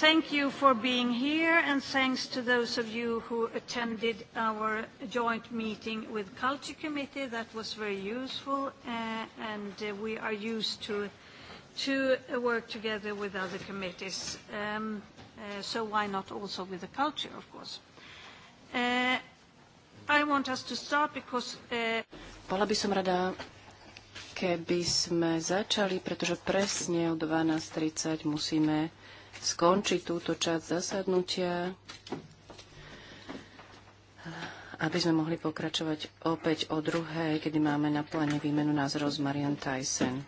thank you for being here, and thanks to those of you who attended our joint meeting with Culture Committee. That was very useful, uh, and uh, we are used to, to work together with other committees. Um, uh, so why not also with the culture, of course? Uh, I want us to start because... Uh... by som rada, keby sme začali, pretože presne o 12.30 musíme skončiť túto časť zasadnutia, aby sme mohli pokračovať opäť o druhej, kedy máme na pláne výmenu názorov s Marian Tyson.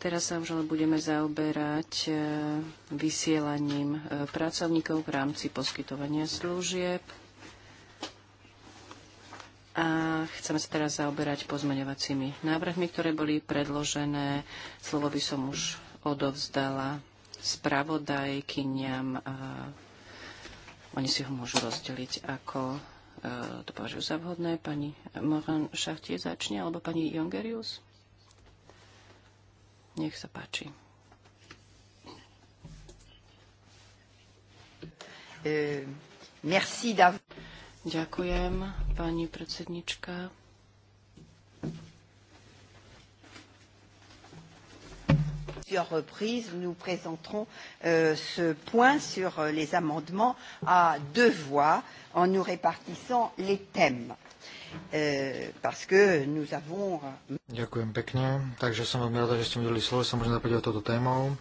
Teraz sa už ale budeme zaoberať eh, vysielaním eh, pracovníkov v rámci poskytovania služieb. A chceme sa teraz zaoberať pozmeňovacími návrhmi, ktoré boli predložené. Slovo by som už odovzdala spravodajkyniam. A oni si ho môžu rozdeliť, ako e, to považujú za vhodné. Pani Moran Šachtie začne, alebo pani Jongerius? Nech sa páči. E, merci d'avoir Ďakujem, pani predsednička. plusieurs reprises, nous présenterons euh, ce point sur euh, les amendements à deux voix en nous répartissant les thèmes. Euh, parce que nous avons... Euh, Ďakujem pekne. Takže som veľmi rada, že ste mi dali slovo. Sa môžem napäť o toto témou.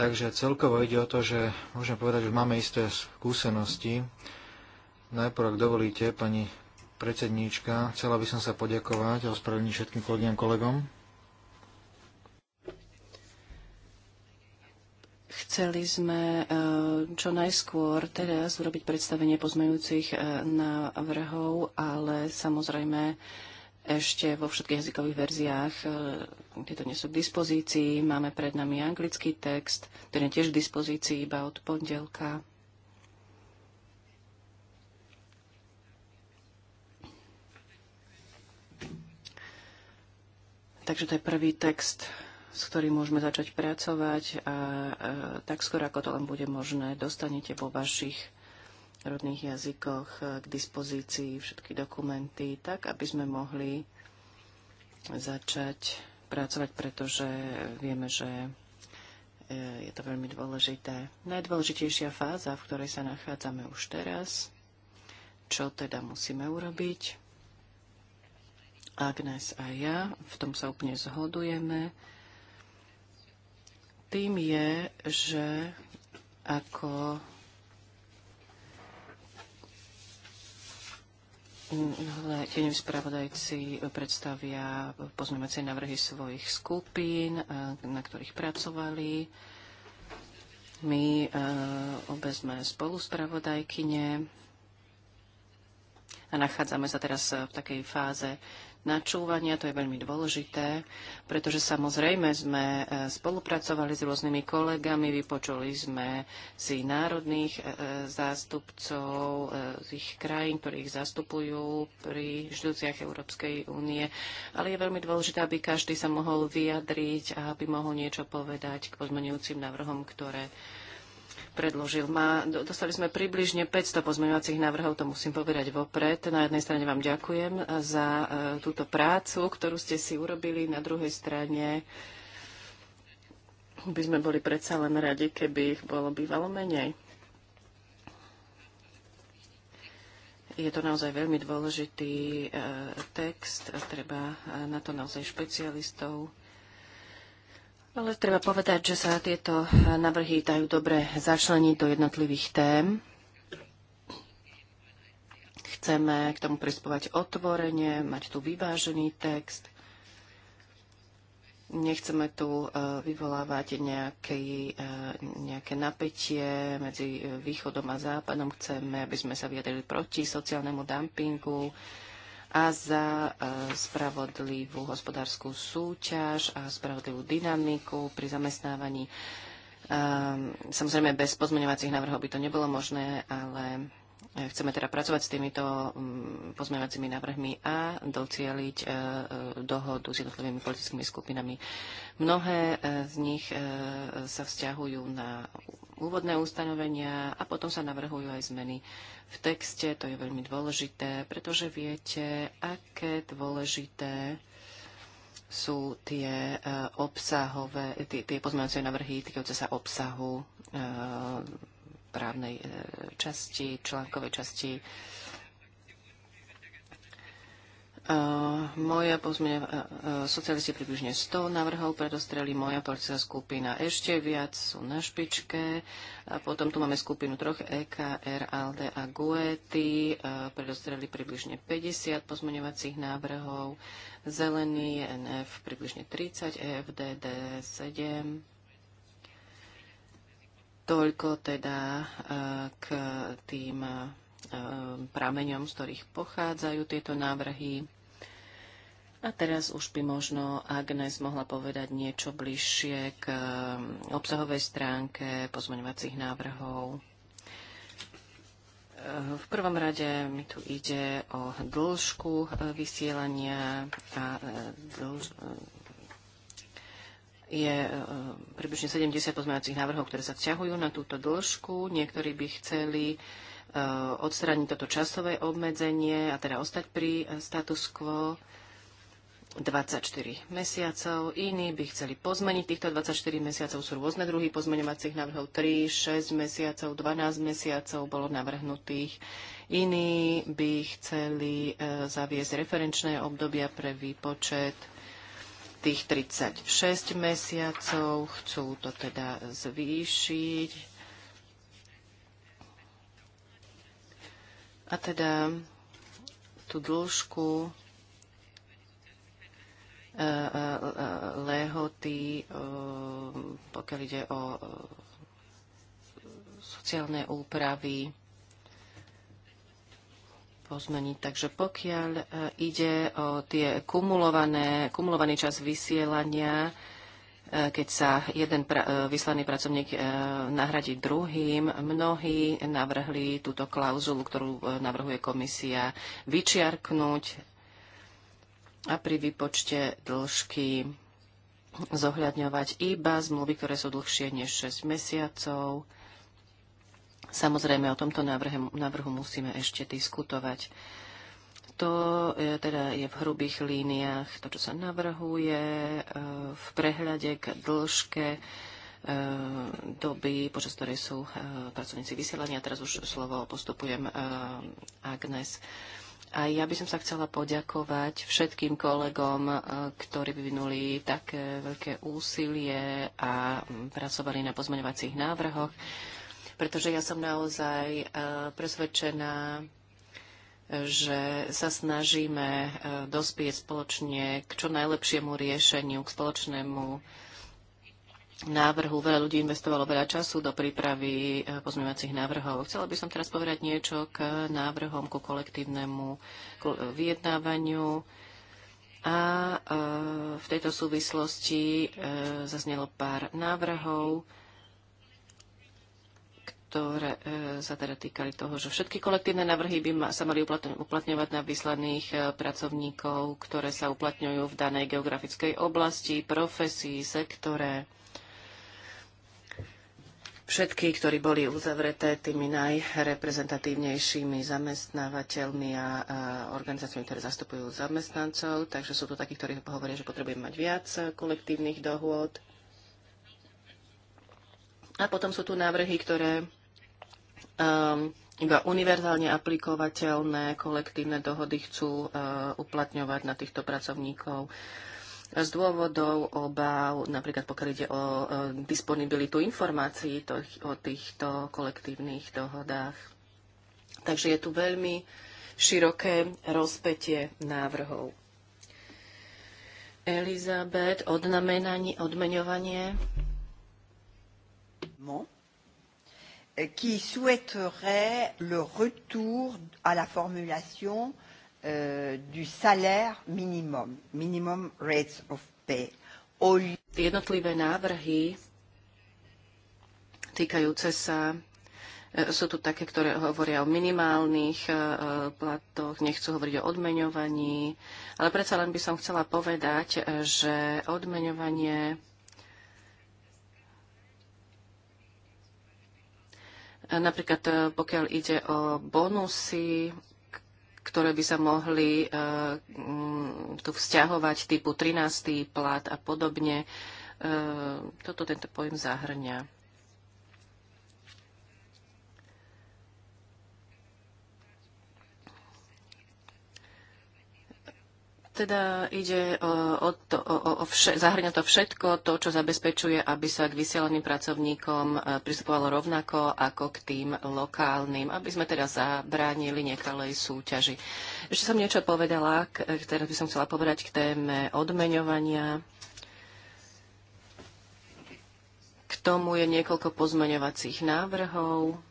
Takže celkovo ide o to, že môžem povedať, že máme isté skúsenosti Najprv, ak dovolíte, pani predsedníčka, chcela by som sa poďakovať a ospravedlniť všetkým kolegyňam kolegom. Chceli sme eh, čo najskôr teraz urobiť predstavenie pozmejúcich eh, návrhov, ale samozrejme ešte vo všetkých jazykových verziách. Eh, tieto nie sú k dispozícii. Máme pred nami anglický text, ktorý je tiež k dispozícii iba od pondelka. Takže to je prvý text, s ktorým môžeme začať pracovať a tak skoro, ako to len bude možné, dostanete vo vašich rodných jazykoch e, k dispozícii všetky dokumenty, tak aby sme mohli začať pracovať, pretože vieme, že e, je to veľmi dôležité. Najdôležitejšia fáza, v ktorej sa nachádzame už teraz, čo teda musíme urobiť, Agnes a ja, v tom sa úplne zhodujeme, tým je, že ako Tieňoví spravodajci predstavia pozmeňovacie návrhy svojich skupín, na ktorých pracovali. My obe sme spravodajkyne a nachádzame sa teraz v takej fáze načúvania. To je veľmi dôležité, pretože samozrejme sme e, spolupracovali s rôznymi kolegami, vypočuli sme si národných e, e, zástupcov z ich krajín, ktorých zastupujú pri štúciách Európskej únie. Ale je veľmi dôležité, aby každý sa mohol vyjadriť a aby mohol niečo povedať k pozmenujúcim návrhom, ktoré predložil. Má, dostali sme približne 500 pozmeňovacích návrhov, to musím povedať vopred. Na jednej strane vám ďakujem e, za e, túto prácu, ktorú ste si urobili. Na druhej strane by sme boli predsa len radi, keby ich bolo bývalo menej. je to naozaj veľmi dôležitý e, text, treba na to naozaj špecialistov. Ale treba povedať, že sa tieto návrhy dajú dobre začleniť do jednotlivých tém. Chceme k tomu prispovať otvorene, mať tu vyvážený text. Nechceme tu e, vyvolávať nejaké, e, nejaké napätie medzi e, východom a západom. Chceme, aby sme sa vyjadrili proti sociálnemu dumpingu, a za e, spravodlivú hospodárskú súťaž a spravodlivú dynamiku pri zamestnávaní. Ehm, samozrejme, bez pozmeňovacích návrhov by to nebolo možné, ale e, Chceme teda pracovať s týmito mm, pozmeňovacími návrhmi a docieliť e, dohodu s jednotlivými politickými skupinami. Mnohé z nich sa vzťahujú na úvodné ustanovenia a potom sa navrhujú aj zmeny v texte. To je veľmi dôležité, pretože viete, aké dôležité sú tie e, obsahové, tie, tie pozmeňujúce navrhy týkajúce sa obsahu e, právnej e, časti, článkovej časti moja pozmeňa, socialisti približne 100 navrhov predostreli, moja politická skupina ešte viac sú na špičke. A potom tu máme skupinu troch EKR, ALDE a GUETI, predostreli približne 50 pozmeňovacích návrhov, zelený NF približne 30, EFDD 7. Toľko teda k tým prameňom, z ktorých pochádzajú tieto návrhy. A teraz už by možno Agnes mohla povedať niečo bližšie k um, obsahovej stránke pozmeňovacích návrhov. Uh, v prvom rade mi tu ide o dĺžku uh, vysielania a uh, dĺž... je približne 70 pozmeňovacích návrhov, ktoré sa vzťahujú na túto dĺžku. Niektorí by chceli odstrániť toto časové obmedzenie a teda ostať pri status quo 24 mesiacov, iní by chceli pozmeniť týchto 24 mesiacov, sú rôzne druhy pozmeňovacích návrhov, 3, 6 mesiacov, 12 mesiacov bolo navrhnutých. Iní by chceli e, zaviesť referenčné obdobia pre výpočet tých 36 mesiacov, chcú to teda zvýšiť. A teda tú dĺžku E, e, e, lehoty, pokiaľ ide o sociálne úpravy pozmeniť. Takže pokiaľ ide o tie kumulované, kumulovaný čas vysielania, keď sa jeden pra- vyslaný pracovník nahradí druhým. Mnohí navrhli túto klauzulu, ktorú navrhuje komisia, vyčiarknúť a pri výpočte dĺžky zohľadňovať iba zmluvy, ktoré sú dlhšie než 6 mesiacov. Samozrejme, o tomto návrhu, návrhu musíme ešte diskutovať. To je, teda je v hrubých líniách to, čo sa navrhuje e, v prehľade k dĺžke e, doby, počas ktorej sú e, pracovníci vysielania. Teraz už slovo postupujem Agnes. A ja by som sa chcela poďakovať všetkým kolegom, e, ktorí vyvinuli také veľké úsilie a mm, pracovali na pozmeňovacích návrhoch, pretože ja som naozaj e, presvedčená, že sa snažíme e, dospieť spoločne k čo najlepšiemu riešeniu, k spoločnému návrhu. Veľa ľudí investovalo veľa času do prípravy e, pozmeňovacích návrhov. Chcela by som teraz povedať niečo k návrhom, ku kolektívnemu e, vyjednávaniu. A e, v tejto súvislosti zaznelo pár návrhov, ktoré sa teda týkali toho, že všetky kolektívne návrhy by sa mali uplatňovať na vyslaných pracovníkov, ktoré sa uplatňujú v danej geografickej oblasti, profesii, sektore všetky, ktorí boli uzavreté tými najreprezentatívnejšími zamestnávateľmi a, organizáciami, ktoré zastupujú zamestnancov. Takže sú tu takí, ktorí hovoria, že potrebujeme mať viac kolektívnych dohôd. A potom sú tu návrhy, ktoré um, iba univerzálne aplikovateľné kolektívne dohody chcú uh, uplatňovať na týchto pracovníkov. Uh, z dôvodov obav, napríklad pokiaľ ide o disponibilitu informácií o týchto kolektívnych dohodách. Takže je tu veľmi široké rozpetie návrhov. Elizabeth, odnamenanie, odmeňovanie. No qui souhaiterait le retour à la formulation euh, Eh, du salaire minimum, minimum rates of pay. Jednotlivé návrhy týkajúce sa eh, sú tu také, ktoré hovoria o minimálnych eh, platoch, nechcú hovoriť o odmeňovaní, ale predsa len by som chcela povedať, že odmeňovanie napríklad pokiaľ ide o bonusy, ktoré by sa mohli e, mm, tu vzťahovať typu 13. plat a podobne. E, toto tento pojem zahrňa. Teda ide o, e, o, to, o, o vše, zahrňa to všetko, to, čo zabezpečuje, aby sa k vysielaným pracovníkom e, pristupovalo rovnako ako k tým lokálnym, aby sme teda zabránili nekalej súťaži. Ešte som niečo povedala, e, teraz by som chcela povedať k téme odmeňovania. K tomu je niekoľko pozmeňovacích návrhov.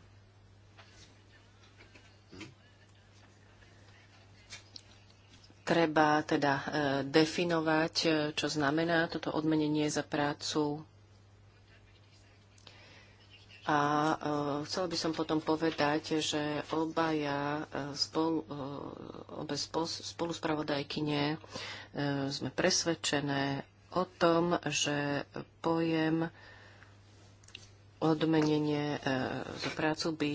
Treba teda e, definovať, e, čo znamená toto odmenenie za prácu. A e, chcela by som potom povedať, že obaja spolu, obe spoluspravodajkyne sme presvedčené o tom, že pojem odmenenie za prácu by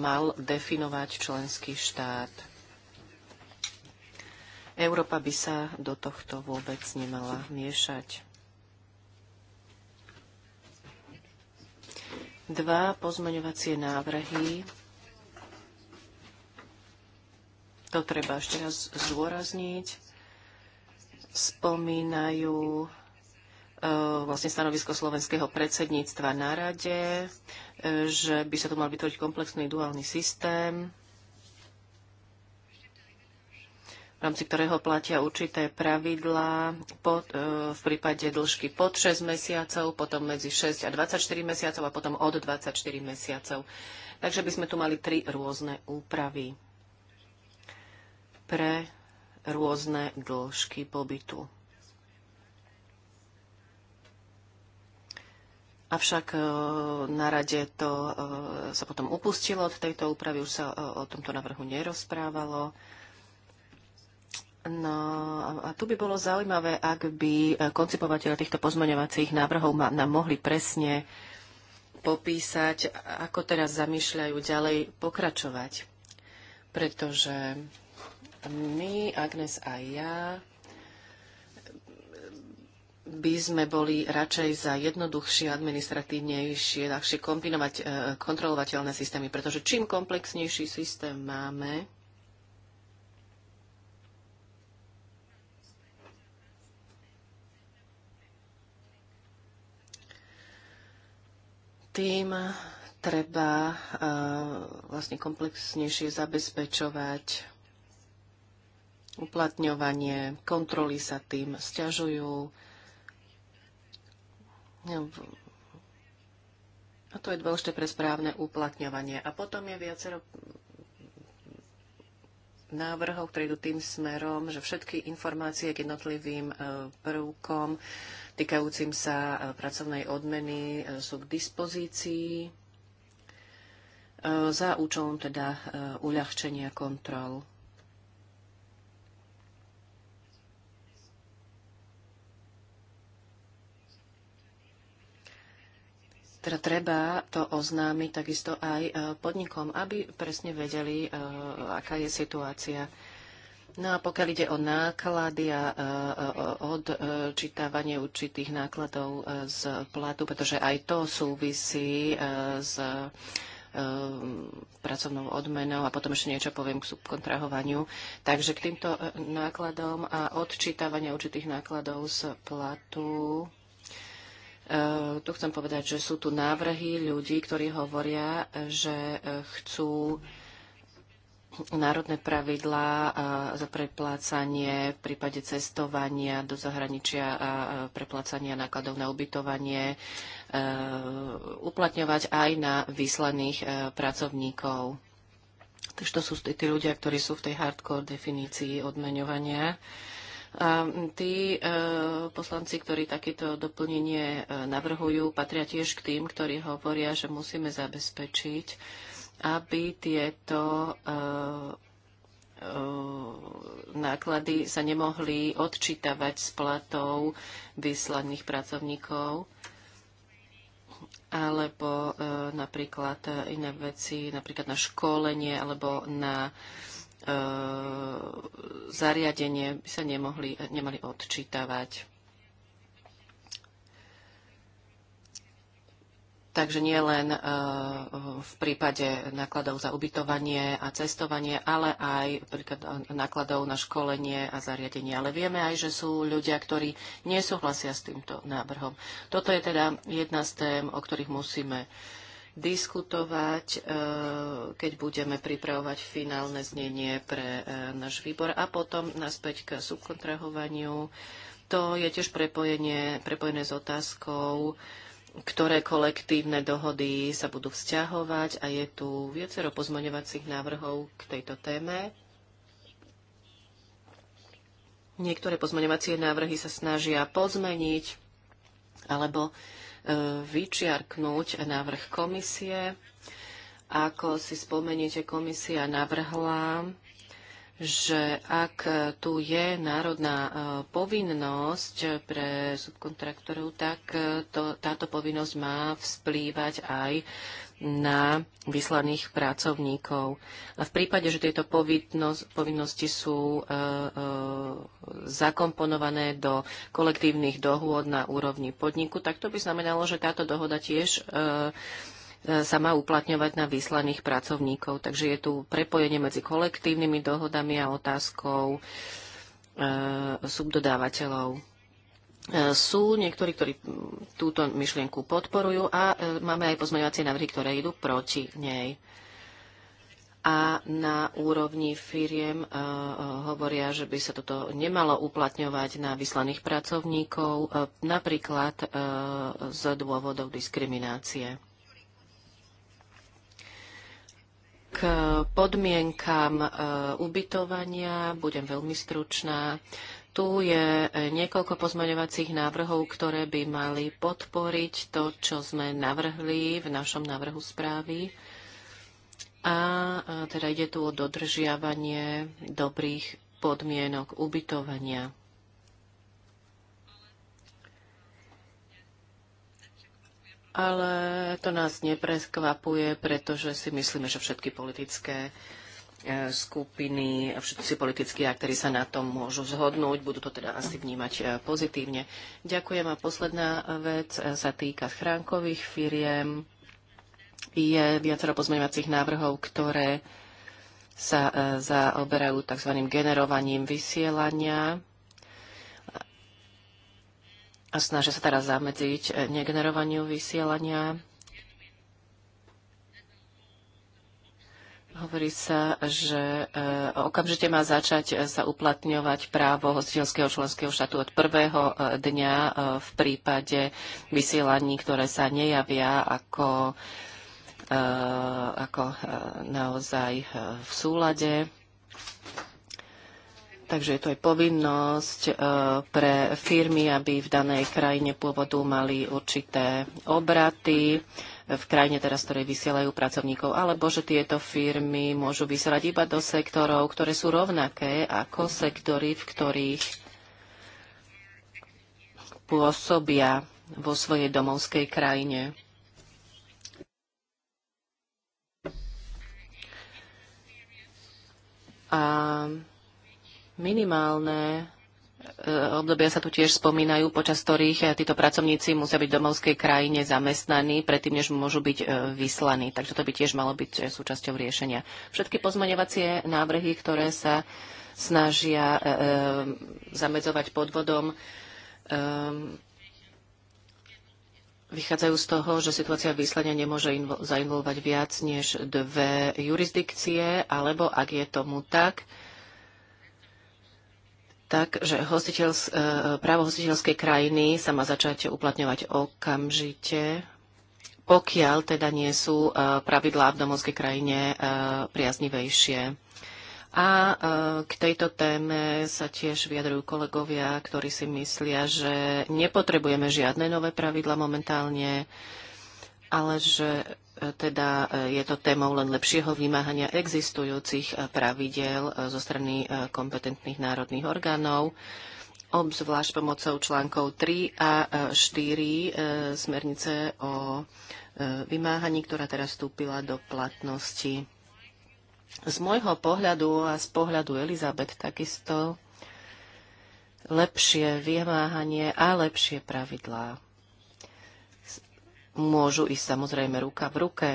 mal definovať členský štát. Európa by sa do tohto vôbec nemala miešať. Dva pozmeňovacie návrhy. To treba ešte raz zdôrazniť. Spomínajú e, vlastne stanovisko slovenského predsedníctva na rade, e, že by sa tu mal vytvoriť komplexný duálny systém v rámci ktorého platia určité pravidlá pod, e, v prípade dĺžky pod 6 mesiacov, potom medzi 6 a 24 mesiacov a potom od 24 mesiacov. Takže by sme tu mali tri rôzne úpravy pre rôzne dĺžky pobytu. Avšak e, na rade to e, sa potom upustilo od tejto úpravy, už sa o tomto návrhu nerozprávalo. No a tu by bolo zaujímavé, ak by koncipovateľe týchto pozmeňovacích návrhov nám mohli presne popísať, ako teraz zamýšľajú ďalej pokračovať. Pretože my, Agnes a ja, by sme boli radšej za jednoduchšie, administratívnejšie, ľahšie kombinovať e, kontrolovateľné systémy, pretože čím komplexnejší systém máme, tým treba uh, vlastne komplexnejšie zabezpečovať uplatňovanie, kontroly sa tým stiažujú. No, a to je dôležité pre správne uplatňovanie. A potom je viacero návrhov, ktoré idú tým smerom, že všetky informácie k jednotlivým eh, prvkom týkajúcim sa e, pracovnej odmeny e, sú k dispozícii e, za účelom teda uľahčenia kontrol. Teda treba to oznámiť takisto aj podnikom, aby presne vedeli, aká je situácia. No a pokiaľ ide o náklady a odčítavanie určitých nákladov e, z platu, pretože aj to súvisí e, s e, pracovnou odmenou a potom ešte niečo poviem k subkontrahovaniu. Takže k týmto nákladom a odčítavanie určitých nákladov z platu. tu chcem povedať, že sú tu návrhy ľudí, ktorí hovoria, že chcú národné pravidlá za preplácanie v prípade cestovania do zahraničia a preplácania nákladov na ubytovanie e, uplatňovať aj na vyslaných e, pracovníkov. Takže to sú tí ľudia, ktorí sú v tej hardcore definícii odmeňovania. A tí e, poslanci, ktorí takéto doplnenie e, navrhujú, patria tiež k tým, ktorí hovoria, že musíme zabezpečiť, aby tieto e, e, náklady sa nemohli odčítavať z platov vyslaných pracovníkov alebo e, napríklad iné veci, napríklad na školenie alebo na zariadenie by sa nemohli, nemali odčítavať. Takže nie len eh, v prípade nákladov za ubytovanie a cestovanie, ale aj nákladov na školenie a zariadenie. Ale vieme aj, že sú ľudia, ktorí nesúhlasia s týmto návrhom. Toto je teda jedna z tém, o ktorých musíme diskutovať, eh, keď budeme pripravovať finálne znenie pre eh, náš výbor. A potom naspäť k subkontrahovaniu. To je tiež prepojenie, prepojené s otázkou, ktoré kolektívne dohody sa budú vzťahovať a je tu viacero pozmaňovacích návrhov k tejto téme. Niektoré pozmaňovacie návrhy sa snažia pozmeniť alebo e, vyčiarknúť návrh komisie. Ako si spomeniete, komisia navrhla že ak tu je národná e, povinnosť pre subkontraktorov, tak e, to, táto povinnosť má vzplývať aj na vyslaných pracovníkov. A v prípade, že tieto povinnosti sú e, e, zakomponované do kolektívnych dohôd na úrovni podniku, tak to by znamenalo, že táto dohoda tiež e, E, sa má uplatňovať na vyslaných pracovníkov. Takže je tu prepojenie medzi kolektívnymi dohodami a otázkou e, subdodávateľov. E, sú niektorí, ktorí túto myšlienku podporujú a e, máme aj pozmeňovacie návrhy, ktoré idú proti nej. A na úrovni firiem e, e hovoria, že by sa toto nemalo uplatňovať na vyslaných pracovníkov, e, napríklad e, z dôvodov diskriminácie. k podmienkám e, ubytovania budem veľmi stručná. Tu je niekoľko pozmaňovacích návrhov, ktoré by mali podporiť to, čo sme navrhli v našom návrhu správy. A teda ide tu o dodržiavanie dobrých podmienok ubytovania. ale to nás nepreskvapuje, pretože si myslíme, že všetky politické e, skupiny, a všetci politickí aktéry sa na tom môžu zhodnúť, budú to teda asi vnímať e, pozitívne. Ďakujem a posledná e, vec sa týka schránkových firiem. Je viacero pozmeňovacích návrhov, ktoré sa zaoberajú tzv. generovaním vysielania a snažia sa teraz zamedziť e, negenerovaniu vysielania. Hovorí sa, že e, okamžite má začať e, sa uplatňovať právo hostiteľského členského štátu od prvého dňa v prípade vysielaní, ktoré sa nejavia ako, ako naozaj v súlade. Takže je to aj povinnosť e, pre firmy, aby v danej krajine pôvodu mali určité obraty v krajine teraz, ktorej vysielajú pracovníkov, alebo že tieto firmy môžu vysielať iba do sektorov, ktoré sú rovnaké ako sektory, v ktorých pôsobia vo svojej domovskej krajine. A Minimálne e, obdobia sa tu tiež spomínajú, počas ktorých e, títo pracovníci musia byť v domovskej krajine zamestnaní, predtým, než môžu byť e, vyslaní. Takže to by tiež malo byť súčasťou riešenia. Všetky pozmaňovacie návrhy, ktoré sa snažia zamedzovať podvodom, vychádzajú z toho, že situácia vyslania nemôže zainvolovať viac než dve jurisdikcie, alebo ak je tomu tak, tak, že hostiteľs, e, právo hostiteľskej krajiny sa má začať uplatňovať okamžite, pokiaľ teda nie sú e, pravidlá v domovskej krajine e, priaznivejšie. A k tejto téme sa tiež vyjadrujú kolegovia, ktorí si myslia, že nepotrebujeme žiadne nové pravidla momentálne, ale že E, teda e, je to témou len lepšieho vymáhania existujúcich e, pravidel zo strany kompetentných národných orgánov, obzvlášť pomocou článkov 3 a 4 smernice o vymáhaní, ktorá teraz vstúpila do platnosti. Z môjho pohľadu a z pohľadu Elizabet takisto lepšie vymáhanie a lepšie pravidlá môžu ísť samozrejme ruka v ruke.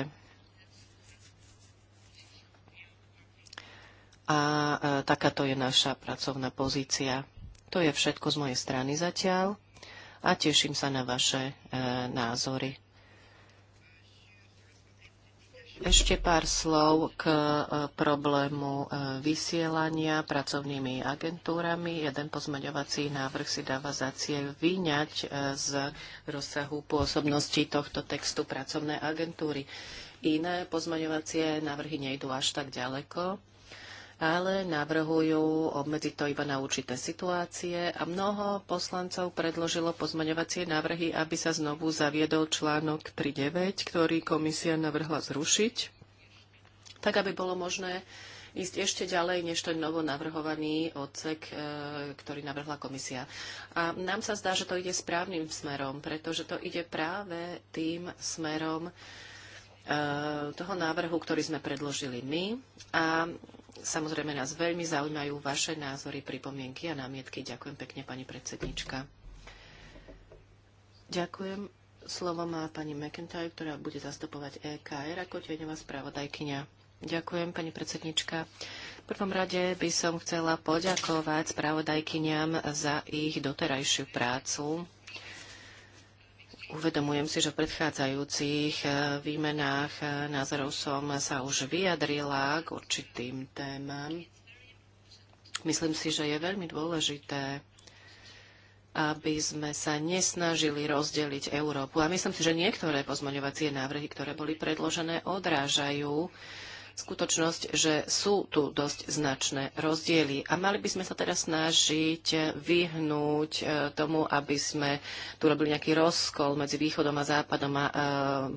A e, takáto je naša pracovná pozícia. To je všetko z mojej strany zatiaľ a teším sa na vaše e, názory. Ešte pár slov k e, problému e, vysielania pracovnými agentúrami. Jeden pozmeňovací návrh si dáva za cieľ vyňať e, z rozsahu pôsobnosti tohto textu pracovné agentúry. Iné pozmeňovacie návrhy nejdú až tak ďaleko ale navrhujú obmedziť to iba na určité situácie a mnoho poslancov predložilo pozmaňovacie návrhy, aby sa znovu zaviedol článok 3.9, ktorý komisia navrhla zrušiť, tak aby bolo možné ísť ešte ďalej než ten novo navrhovaný odsek, e, ktorý navrhla komisia. A nám sa zdá, že to ide správnym smerom, pretože to ide práve tým smerom e, toho návrhu, ktorý sme predložili my. A Samozrejme nás veľmi zaujímajú vaše názory, pripomienky a námietky. Ďakujem pekne, pani predsednička. Ďakujem. Slovo má pani McIntyre, ktorá bude zastupovať EKR ako tieňová spravodajkynia. Ďakujem, pani predsednička. V prvom rade by som chcela poďakovať spravodajkyniam za ich doterajšiu prácu Uvedomujem si, že v predchádzajúcich eh, výmenách eh, názorov som sa už vyjadrila k určitým témam. Myslím si, že je veľmi dôležité, aby sme sa nesnažili rozdeliť Európu. A myslím si, že niektoré pozmaňovacie návrhy, ktoré boli predložené, odrážajú uh, skutočnosť, že sú tu dosť značné rozdiely a mali by sme sa teda snažiť vyhnúť e, tomu, aby sme tu robili nejaký rozkol medzi východom a západom a e,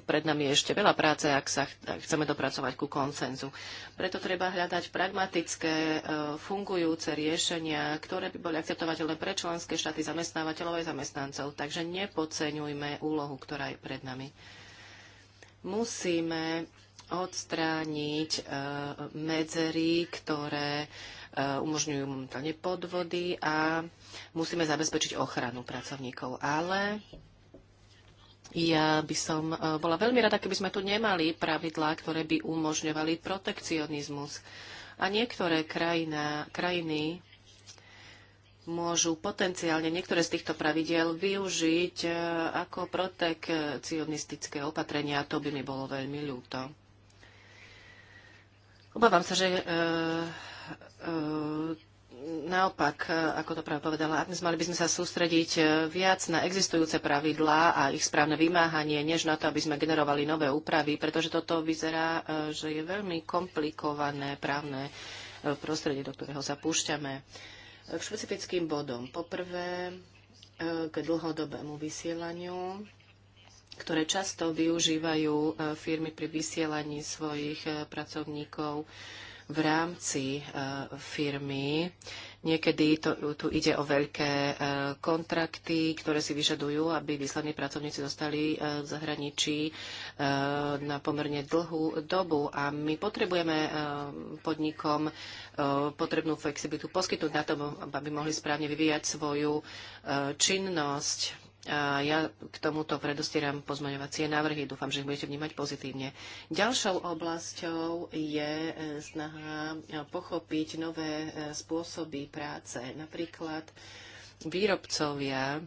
pred nami je ešte veľa práce, ak sa chceme dopracovať ku koncenzu. Preto treba hľadať pragmatické, e, fungujúce riešenia, ktoré by boli akceptovateľné pre členské štáty zamestnávateľov aj zamestnancov. Takže nepodceňujme úlohu, ktorá je pred nami musíme odstrániť e, medzery, ktoré e, umožňujú momentálne podvody a musíme zabezpečiť ochranu pracovníkov. Ale ja by som e, bola veľmi rada, keby sme tu nemali pravidlá, ktoré by umožňovali protekcionizmus. A niektoré krajina, krajiny môžu potenciálne niektoré z týchto pravidiel využiť ako protekcionistické opatrenia. To by mi bolo veľmi ľúto. Obávam sa, že e, e, naopak, e, ako to práve povedala Agnes, mali by sme sa sústrediť viac na existujúce pravidlá a ich správne vymáhanie, než na to, aby sme generovali nové úpravy, pretože toto vyzerá, že je veľmi komplikované právne prostredie, do ktorého sa púšťame. K špecifickým bodom. Poprvé, k dlhodobému vysielaniu ktoré často využívajú e, firmy pri vysielaní svojich e, pracovníkov v rámci e, firmy. Niekedy to, tu ide o veľké kontrakty, ktoré si vyžadujú, aby výslední pracovníci zostali v zahraničí na pomerne dlhú dobu. A my potrebujeme podnikom potrebnú flexibilitu poskytnúť na to, aby mohli správne vyvíjať svoju činnosť ja k tomuto predostieram pozmaňovacie návrhy. Dúfam, že ich budete vnímať pozitívne. Ďalšou oblasťou je e, snaha e, pochopiť nové e, spôsoby práce. Napríklad výrobcovia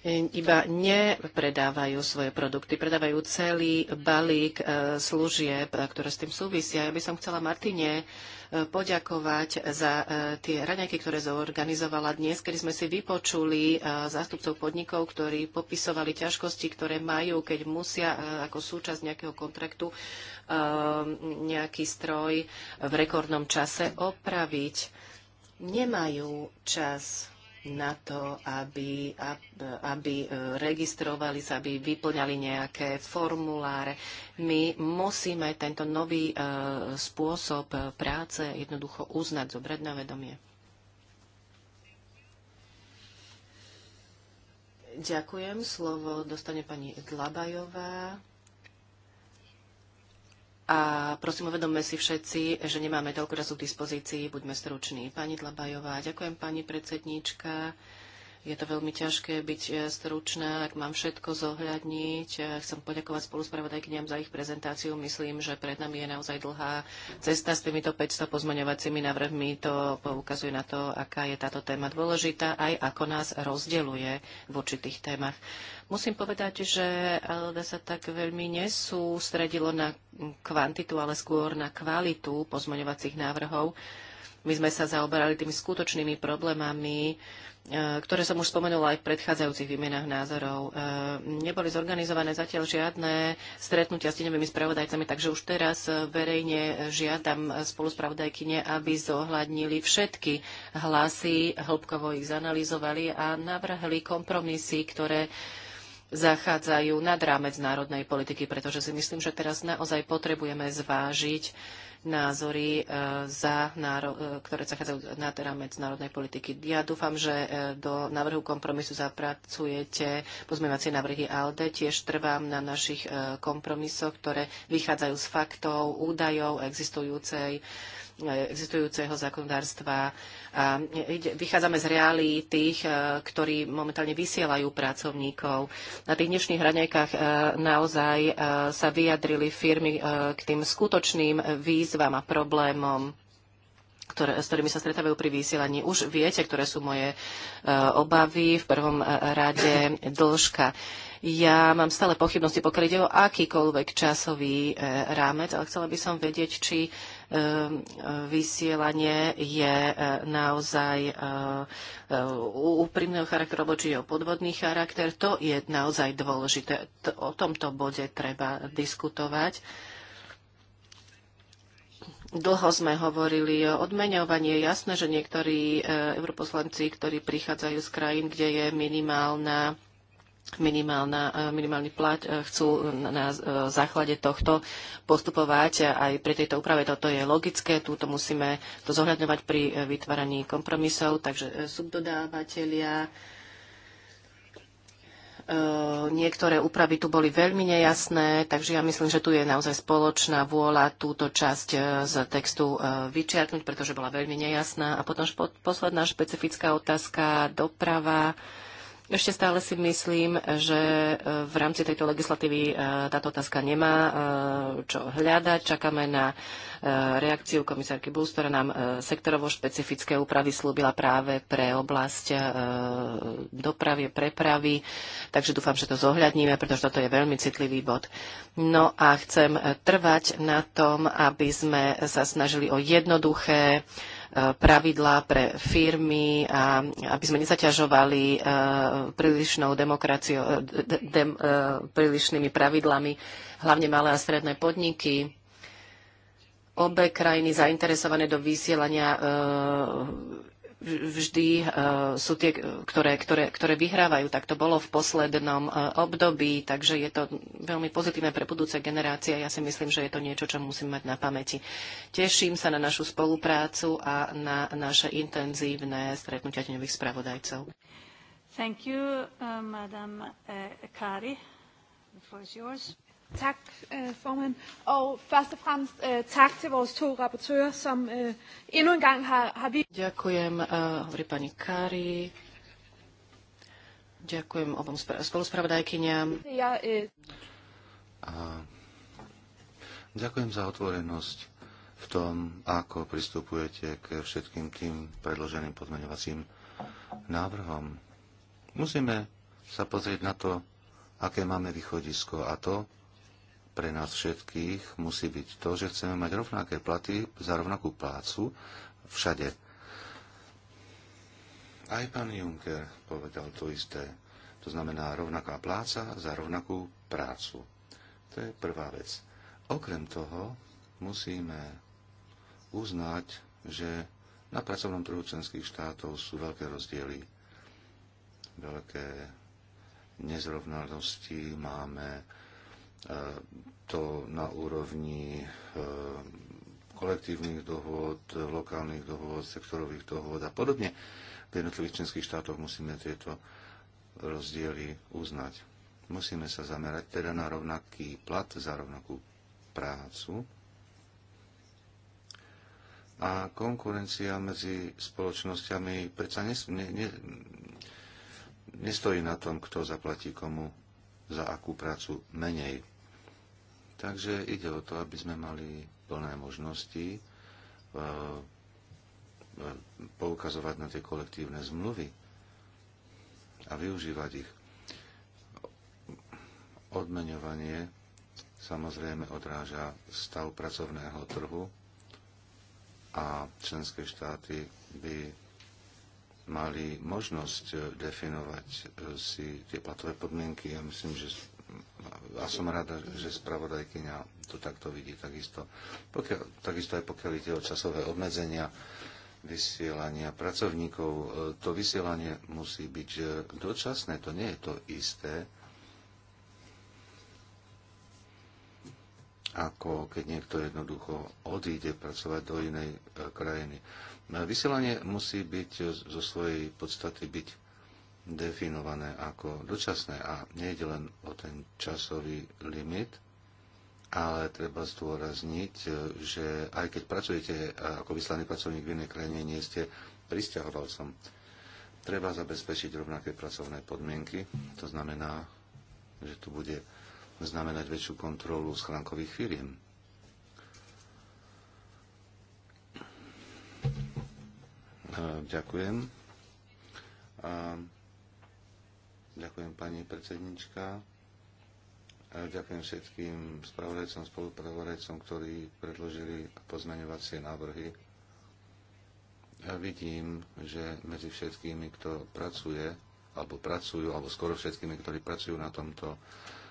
E, iba nepredávajú svoje produkty, predávajú celý balík e, služieb, e, ktoré s tým súvisia. Ja by som chcela Martine poďakovať za tie raňajky, ktoré zorganizovala dnes, kedy sme si vypočuli zástupcov podnikov, ktorí popisovali ťažkosti, ktoré majú, keď musia ako súčasť nejakého kontraktu nejaký stroj v rekordnom čase opraviť. Nemajú čas na to, aby, aby e, registrovali sa, aby vyplňali nejaké formuláre. My musíme tento nový e, spôsob e, práce jednoducho uznať, zobrať na vedomie. Ďakujem. Slovo dostane pani Dlabajová a prosím, uvedomme si všetci, že nemáme toľko času k dispozícii, buďme struční. Pani Dlabajová, ďakujem pani predsedníčka. Je to veľmi ťažké byť eh, stručná, ak mám všetko zohľadniť. Eh, chcem poďakovať spoluspravodajkyniam za ich prezentáciu. Myslím, že pred nami je naozaj dlhá cesta s týmito 500 pozmeňovacími návrhmi. To poukazuje na to, aká je táto téma dôležitá, aj ako nás rozdeluje v určitých témach. Musím povedať, že LDA sa tak veľmi nesústredilo na kvantitu, ale skôr na kvalitu pozmeňovacích návrhov. My sme sa zaoberali tými skutočnými problémami, Eh, ktoré som už spomenula aj v predchádzajúcich výmenách názorov. Eh, neboli zorganizované zatiaľ žiadne stretnutia s tieňovými spravodajcami, takže už teraz eh, verejne žiadam spoluspravodajkyne, aby zohľadnili všetky hlasy, hĺbkovo ich zanalizovali a navrhli kompromisy, ktoré zachádzajú nad rámec národnej politiky, pretože si myslím, že teraz naozaj potrebujeme zvážiť názory, e, za náro- e, ktoré zachádzajú na rámec národnej politiky. Ja dúfam, že e, do návrhu kompromisu zapracujete pozmeňovacie návrhy ALDE. Tiež trvám na našich kompromisoch, ktoré vychádzajú z faktov, údajov existujúcej E, existujúceho zákonodárstva. vychádzame z reálí tých, e, ktorí momentálne vysielajú pracovníkov. Na tých dnešných hraňajkách e, naozaj sa vyjadrili firmy k tým skutočným výzvam a problémom s ktorými sa stretávajú pri vysielaní. Už viete, ktoré sú moje obavy. V prvom rade dĺžka. Ja mám stále pochybnosti, pokiaľ ide o akýkoľvek časový rámec, ale chcela by som vedieť, či Ehm, vysielanie je e, naozaj e, e, úprimného charakteru, alebo či je o podvodný charakter. To je naozaj dôležité. O tomto bode treba diskutovať. Dlho sme hovorili o odmeňovaní. Je jasné, že niektorí europoslanci, ktorí prichádzajú z krajín, kde je minimálna Eh, minimálny plat eh, chcú na eh, základe tohto postupovať aj pri tejto úprave. Toto je logické, túto musíme to zohľadňovať pri vytváraní kompromisov, takže subdodávateľia, niektoré úpravy tu boli veľmi nejasné, takže ja myslím, že tu je naozaj spoločná vôľa túto časť z textu vyčiarknúť, pretože bola veľmi nejasná. A potom posledná špecifická otázka, doprava. Ešte stále si myslím, že eh, v rámci tejto legislatívy eh, táto otázka nemá eh, čo hľadať. Čakáme na reakciu komisárky Bulls, ktorá nám sektorovo špecifické úpravy slúbila práve pre oblasť dopravy, prepravy. Takže dúfam, že to zohľadníme, pretože toto je veľmi citlivý bod. No a chcem trvať na tom, aby sme sa snažili o jednoduché pravidlá pre firmy a aby sme nezaťažovali e, prílišnou demokraciou, e, de, e, prílišnými pravidlami, hlavne malé a stredné podniky. Obe krajiny zainteresované do vysielania vždy eh, sú tie, ktoré, ktoré, ktoré vyhrávajú. Tak to bolo v poslednom eh, období, takže je to veľmi pozitívne pre budúce generácie a ja si myslím, že je to niečo, čo musím mať na pamäti. Teším sa na našu spoluprácu a na naše intenzívne stretnutia deňových spravodajcov. Thank you, uh, Madam uh, Kari. The floor is yours. Tak, øh, formand. Og først og fremmest øh, tak til vores to rapportører, som øh, endnu en gang har, har vi... Ďakujem, uh, hovorí pani Kari. Ďakujem obom spoluspravodajkyniam. Ja, e... A ďakujem za otvorenosť v tom, ako pristupujete k všetkým tým predloženým podmenovacím návrhom. Musíme sa pozrieť na to, aké máme východisko a to pre nás všetkých musí byť to, že chceme mať rovnaké platy za rovnakú plácu všade. Aj pán Juncker povedal to isté. To znamená rovnaká pláca za rovnakú prácu. To je prvá vec. Okrem toho musíme uznať, že na pracovnom trhu členských štátov sú veľké rozdiely. Veľké nezrovnalosti máme to na úrovni e, kolektívnych dohôd, lokálnych dohôd, sektorových dohôd a podobne. V jednotlivých členských štátoch musíme tieto rozdiely uznať. Musíme sa zamerať teda na rovnaký plat za rovnakú prácu a konkurencia medzi spoločnosťami predsa nes, ne, ne, nestojí na tom, kto zaplatí komu za akú prácu menej. Takže ide o to, aby sme mali plné možnosti e, e, poukazovať na tie kolektívne zmluvy a využívať ich. Odmeňovanie samozrejme odráža stav pracovného trhu a členské štáty by mali možnosť definovať e, si tie platové podmienky. Ja myslím, že a som rada, že spravodajkyňa to takto vidí takisto. Pokiaľ, takisto aj pokiaľ ide o časové obmedzenia vysielania pracovníkov, e, to vysielanie musí byť e, dočasné, to nie je to isté, ako keď niekto jednoducho odíde pracovať do inej e, krajiny. Vysielanie musí byť zo svojej podstaty byť definované ako dočasné a nejde len o ten časový limit, ale treba zdôrazniť, že aj keď pracujete e, ako vyslaný pracovník v inej krajine, nie ste pristahovalcom. Treba zabezpečiť rovnaké pracovné podmienky, to znamená, že tu bude znamenať väčšiu kontrolu schránkových firiem. E, ďakujem. Ďakujem pani predsednička. A ďakujem všetkým spravodajcom, spolupravodajcom, ktorí predložili pozmeňovacie návrhy. Ja vidím, že medzi všetkými, kto pracuje, alebo pracujú, alebo skoro všetkými, ktorí pracujú na tomto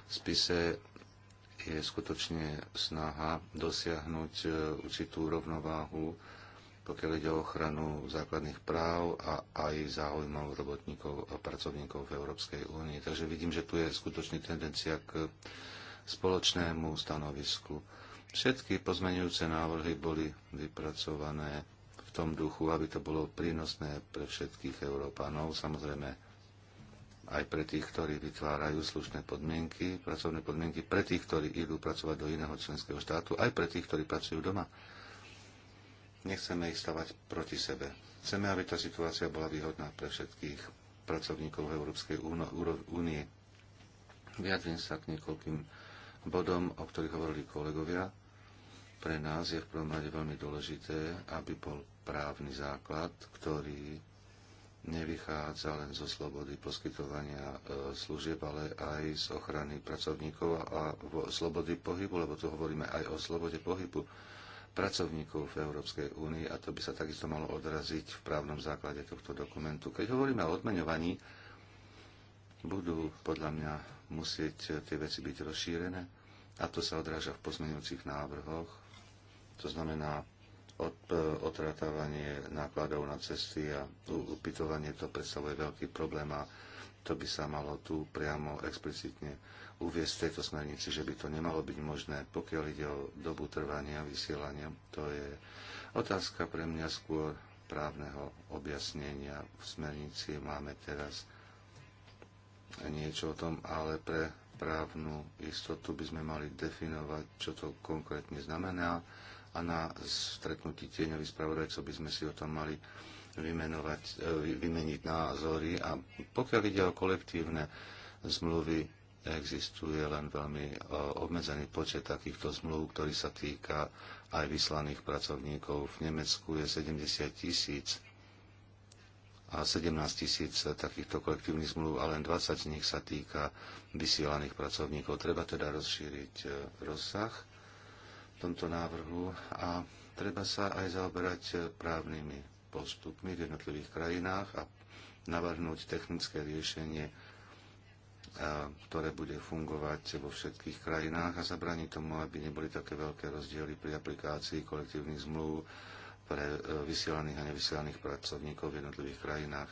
spise, je skutočne snaha dosiahnuť eh, určitú rovnováhu pokiaľ ide o ochranu základných práv a aj záujmov robotníkov a pracovníkov v Európskej únii. Takže vidím, že tu je skutočne tendencia k spoločnému stanovisku. Všetky pozmenujúce návrhy boli vypracované v tom duchu, aby to bolo prínosné pre všetkých Európanov, samozrejme aj pre tých, ktorí vytvárajú slušné podmienky, pracovné podmienky, pre tých, ktorí idú pracovať do iného členského štátu, aj pre tých, ktorí pracujú doma. Nechceme ich stavať proti sebe. Chceme, aby tá situácia bola výhodná pre všetkých pracovníkov Európskej únie. Vyjadrím sa k niekoľkým bodom, o ktorých hovorili kolegovia. Pre nás je v prvom rade veľmi dôležité, aby bol právny základ, ktorý nevychádza len zo slobody poskytovania e, služieb, ale aj z ochrany pracovníkov a slobody pohybu, lebo tu hovoríme aj o slobode pohybu pracovníkov v Európskej únii a to by sa takisto malo odraziť v právnom základe tohto dokumentu. Keď hovoríme o odmeňovaní, budú podľa mňa musieť tie veci byť rozšírené a to sa odráža v pozmeňujúcich návrhoch. To znamená od, e, otratávanie nákladov na cesty a upytovanie to predstavuje veľký problém a to by sa malo tu priamo explicitne uviezť v tejto smernici, že by to nemalo byť možné, pokiaľ ide o dobu trvania vysielania. To je otázka pre mňa skôr právneho objasnenia. V smernici máme teraz niečo o tom, ale pre právnu istotu by sme mali definovať, čo to konkrétne znamená a na stretnutí tieňových spravodajcov by sme si o tom mali vymenovať, e, vymeniť názory a pokiaľ ide o kolektívne zmluvy, existuje len veľmi e, obmedzený počet takýchto zmluv, ktorý sa týka aj vyslaných pracovníkov. V Nemecku je 70 tisíc a 17 tisíc takýchto kolektívnych zmluv a len 20 z nich sa týka vysielaných pracovníkov. Treba teda rozšíriť e, rozsah v tomto návrhu a treba sa aj zaoberať e, právnymi postupmi v jednotlivých krajinách a navrhnúť technické riešenie ktoré bude fungovať vo všetkých krajinách a zabraní tomu, aby neboli také veľké rozdiely pri aplikácii kolektívnych zmluv pre e, vysielaných a nevysielaných pracovníkov v jednotlivých krajinách.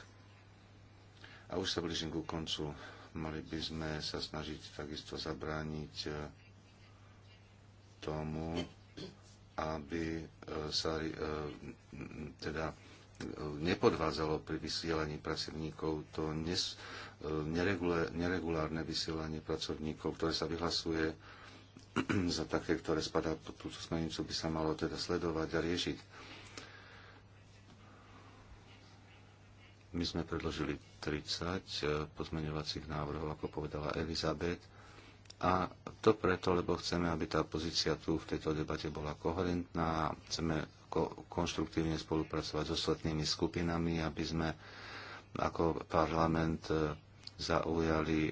A už sa blížim ku koncu. Mali by sme sa snažiť takisto zabrániť e, tomu, aby e, sa teda nepodvádzalo pri vysielaní pracovníkov, to nes, e, neregulárne vysielanie pracovníkov, ktoré sa vyhlasuje za také, ktoré spadá pod túto smernicu, by sa malo teda sledovať a riešiť. My sme predložili 30 e, pozmeňovacích návrhov, ako povedala Elizabeth. A to preto, lebo chceme, aby tá pozícia tu v tejto debate bola koherentná, chceme konštruktívne spolupracovať s ostatnými skupinami, aby sme ako parlament e, zaujali e,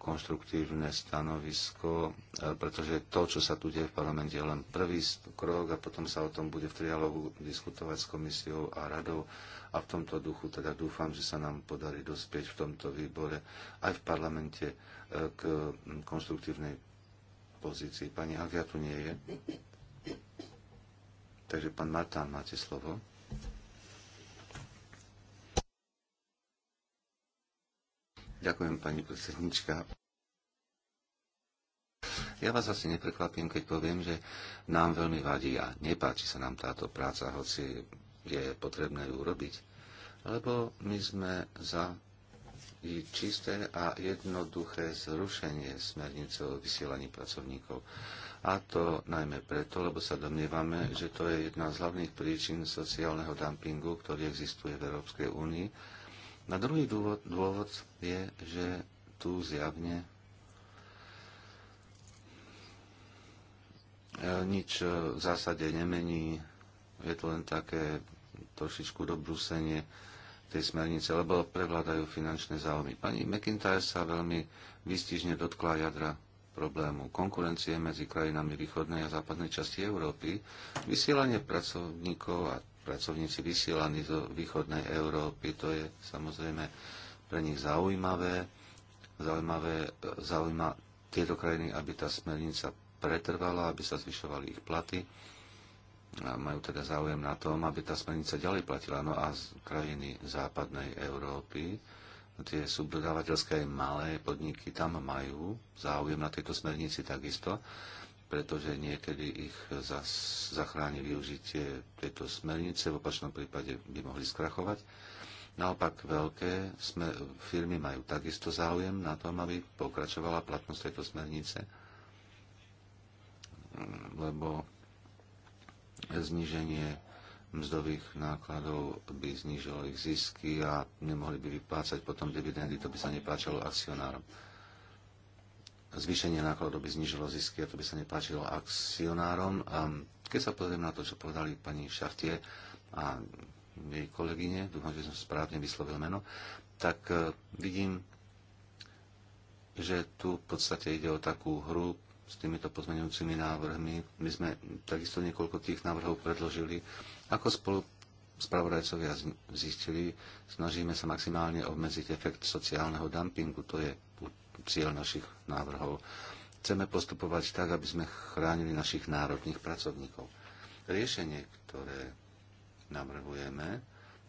konštruktívne stanovisko, e, pretože to, čo sa tu deje v parlamente, je len prvý krok a potom sa o tom bude v trialogu diskutovať s komisiou a radou a v tomto duchu teda dúfam, že sa nám podarí dospieť v tomto výbore aj v parlamente k konštruktívnej pozícii. Pani Agia tu nie je. Takže pán Martán, máte slovo. Ďakujem, pani predsednička. Ja vás asi neprekvapím, keď poviem, že nám veľmi vadí a nepáči sa nám táto práca, hoci je potrebné ju urobiť, lebo my sme za i čisté a jednoduché zrušenie smernice o vysielaní pracovníkov. A to najmä preto, lebo sa domnievame, že to je jedna z hlavných príčin sociálneho dumpingu, ktorý existuje v Európskej únii. Na druhý dôvod, dôvod je, že tu zjavne e, nič v zásade nemení. Je to len také trošičku dobrúsenie tej smernice, lebo prevládajú finančné záujmy. Pani McIntyre sa veľmi výstižne dotkla jadra problému konkurencie medzi krajinami východnej a západnej časti Európy, vysielanie pracovníkov a pracovníci vysielaní zo východnej Európy, to je samozrejme pre nich zaujímavé, zaujímavé zaujíma tieto krajiny, aby tá smernica pretrvala, aby sa zvyšovali ich platy majú teda záujem na tom, aby tá smernica ďalej platila. No a z krajiny západnej Európy, tie subdodávateľské malé podniky tam majú záujem na tejto smernici takisto, pretože niekedy ich zas zachráni využitie tejto smernice, v opačnom prípade by mohli skrachovať. Naopak veľké firmy majú takisto záujem na tom, aby pokračovala platnosť tejto smernice, lebo Zníženie mzdových nákladov by znížilo ich zisky a nemohli by vyplácať potom dividendy, to by sa nepáčilo akcionárom. Zvýšenie nákladov by znížilo zisky a to by sa nepáčilo akcionárom. A Keď sa pozriem na to, čo povedali pani Šachtie a jej kolegyne, dúfam, že som správne vyslovil meno, tak eh, vidím, že tu v podstate ide o takú hru s týmito pozmeňujúcimi návrhmi. My sme takisto niekoľko tých návrhov predložili. Ako spolu spravodajcovia zistili, snažíme sa maximálne obmedziť efekt sociálneho dumpingu, to je cieľ našich návrhov. Chceme postupovať tak, aby sme chránili našich národných pracovníkov. Riešenie, ktoré navrhujeme,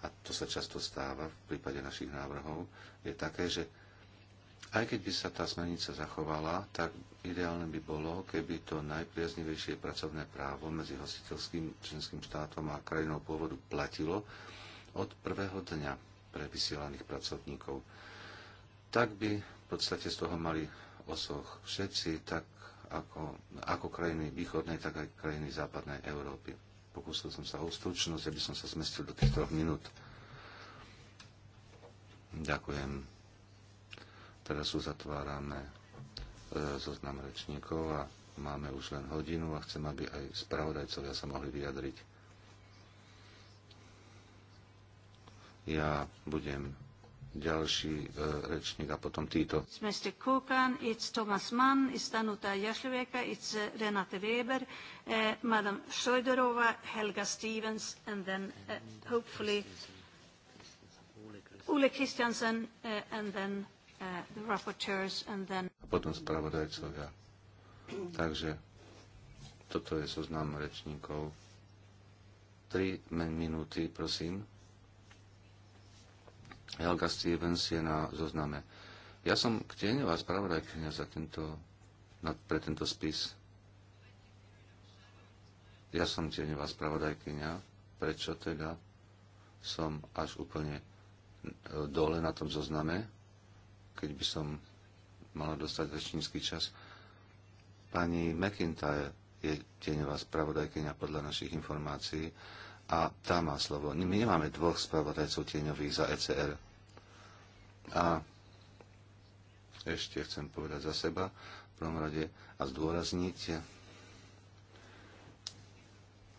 a to sa často stáva v prípade našich návrhov, je také, že aj keď by sa tá smernica zachovala, tak Ideálne by bolo, keby to najpriaznivejšie pracovné právo medzi hostiteľským členským štátom a krajinou pôvodu platilo od prvého dňa pre vysielaných pracovníkov. Tak by v podstate z toho mali osoch všetci, tak ako, ako krajiny východnej, tak aj krajiny západnej Európy. Pokúsil som sa o stručnosť, aby som sa zmestil do tých troch minút. Ďakujem. Teraz uzatvárame E, zoznam rečníkov a máme už len hodinu a chcem, aby aj spravodajcovia sa mohli vyjadriť. Ja budem ďalší e, rečník a potom títo. Mr. Kukan, it's Thomas Mann, it's Danuta Jasleveka, it's uh, Renate Weber, uh, e, Madam Šojderova, Helga Stevens, and then uh, hopefully Ule Christiansen, uh, and then uh, the rapporteurs, and then potom spravodajcovia. Takže toto je zoznam rečníkov. 3 minúty, prosím. Helga Stevens je na zozname. Ja som tieňová spravodajkynia za tento, na, pre tento spis. Ja som tieňová spravodajkynia. Prečo teda som až úplne e, dole na tom zozname, keď by som mala dostať rečnícky čas. Pani McIntyre je tieňová spravodajkynia podľa našich informácií a tá má slovo. My nemáme dvoch spravodajcov tieňových za ECR. A ešte chcem povedať za seba v prvom rade a zdôrazniť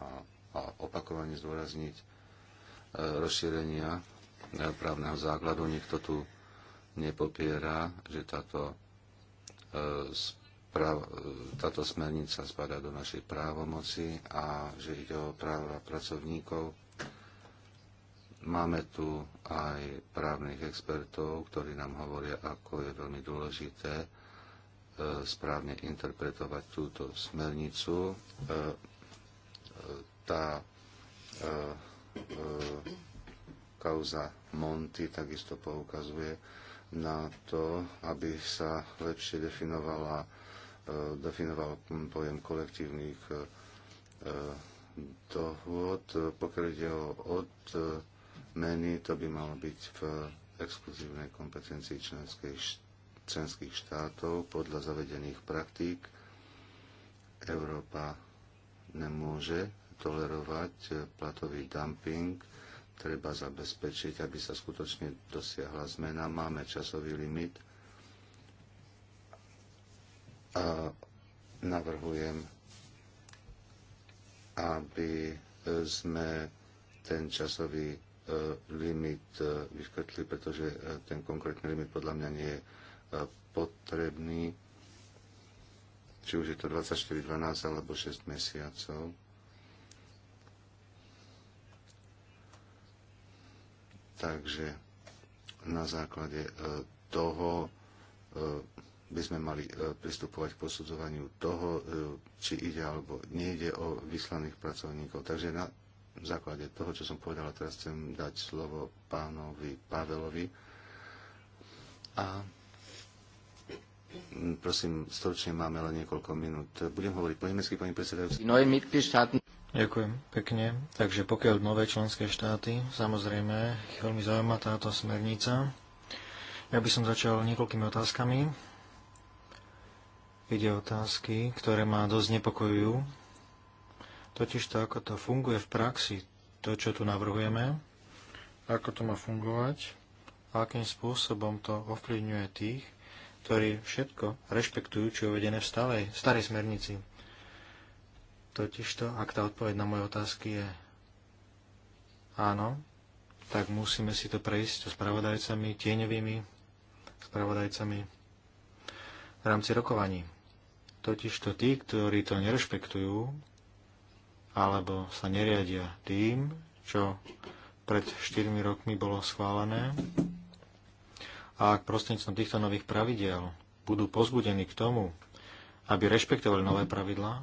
a, a opakovane zdôrazniť e, rozšírenia e, právneho základu. Niekto tu nepopiera, že táto táto smernica spadá do našej právomoci a že ide o práva pracovníkov. Máme tu aj právnych expertov, ktorí nám hovoria, ako je veľmi dôležité e, správne interpretovať túto smernicu. E, e, tá kauza Monty takisto poukazuje, na to, aby sa lepšie definovala, e, definoval pojem kolektívnych e, e, dohôd. Pokiaľ ide o odmeny, to by malo byť v exkluzívnej kompetencii členských štátov podľa zavedených praktík. Európa nemôže tolerovať platový dumping treba zabezpečiť, aby sa skutočne dosiahla zmena. Máme časový limit a navrhujem, aby e, sme ten časový e, limit e, vyškrtli, pretože ten konkrétny limit podľa mňa nie je potrebný, či už je to 24, 12 alebo 6 mesiacov. Takže na základe e, toho e, by sme mali e, pristupovať k posudzovaniu toho, či ide alebo nejde o vyslaných pracovníkov. Takže na základe toho, čo som povedala, teraz chcem dať slovo pánovi Pavelovi. A prosím, stručne máme len niekoľko minút. Budem hovoriť po nemecky, pani predsedajúci. Ďakujem pekne. Takže pokiaľ nové členské štáty, samozrejme, ich veľmi zaujíma táto smernica. Ja by som začal niekoľkými otázkami. Ide otázky, ktoré ma dosť nepokojujú. Totiž to, ako to funguje v praxi, to, čo tu navrhujeme, ako to má fungovať, a akým spôsobom to ovplyvňuje tých, ktorí všetko rešpektujú, čo je uvedené v starej, starej smernici. Totižto, ak tá odpoveď na moje otázky je áno, tak musíme si to prejsť so spravodajcami, tieňovými spravodajcami v rámci rokovaní. Totižto tí, ktorí to nerešpektujú, alebo sa neriadia tým, čo pred 4 rokmi bolo schválené. A ak prostredníctvom týchto nových pravidiel budú pozbudení k tomu, aby rešpektovali nové pravidlá,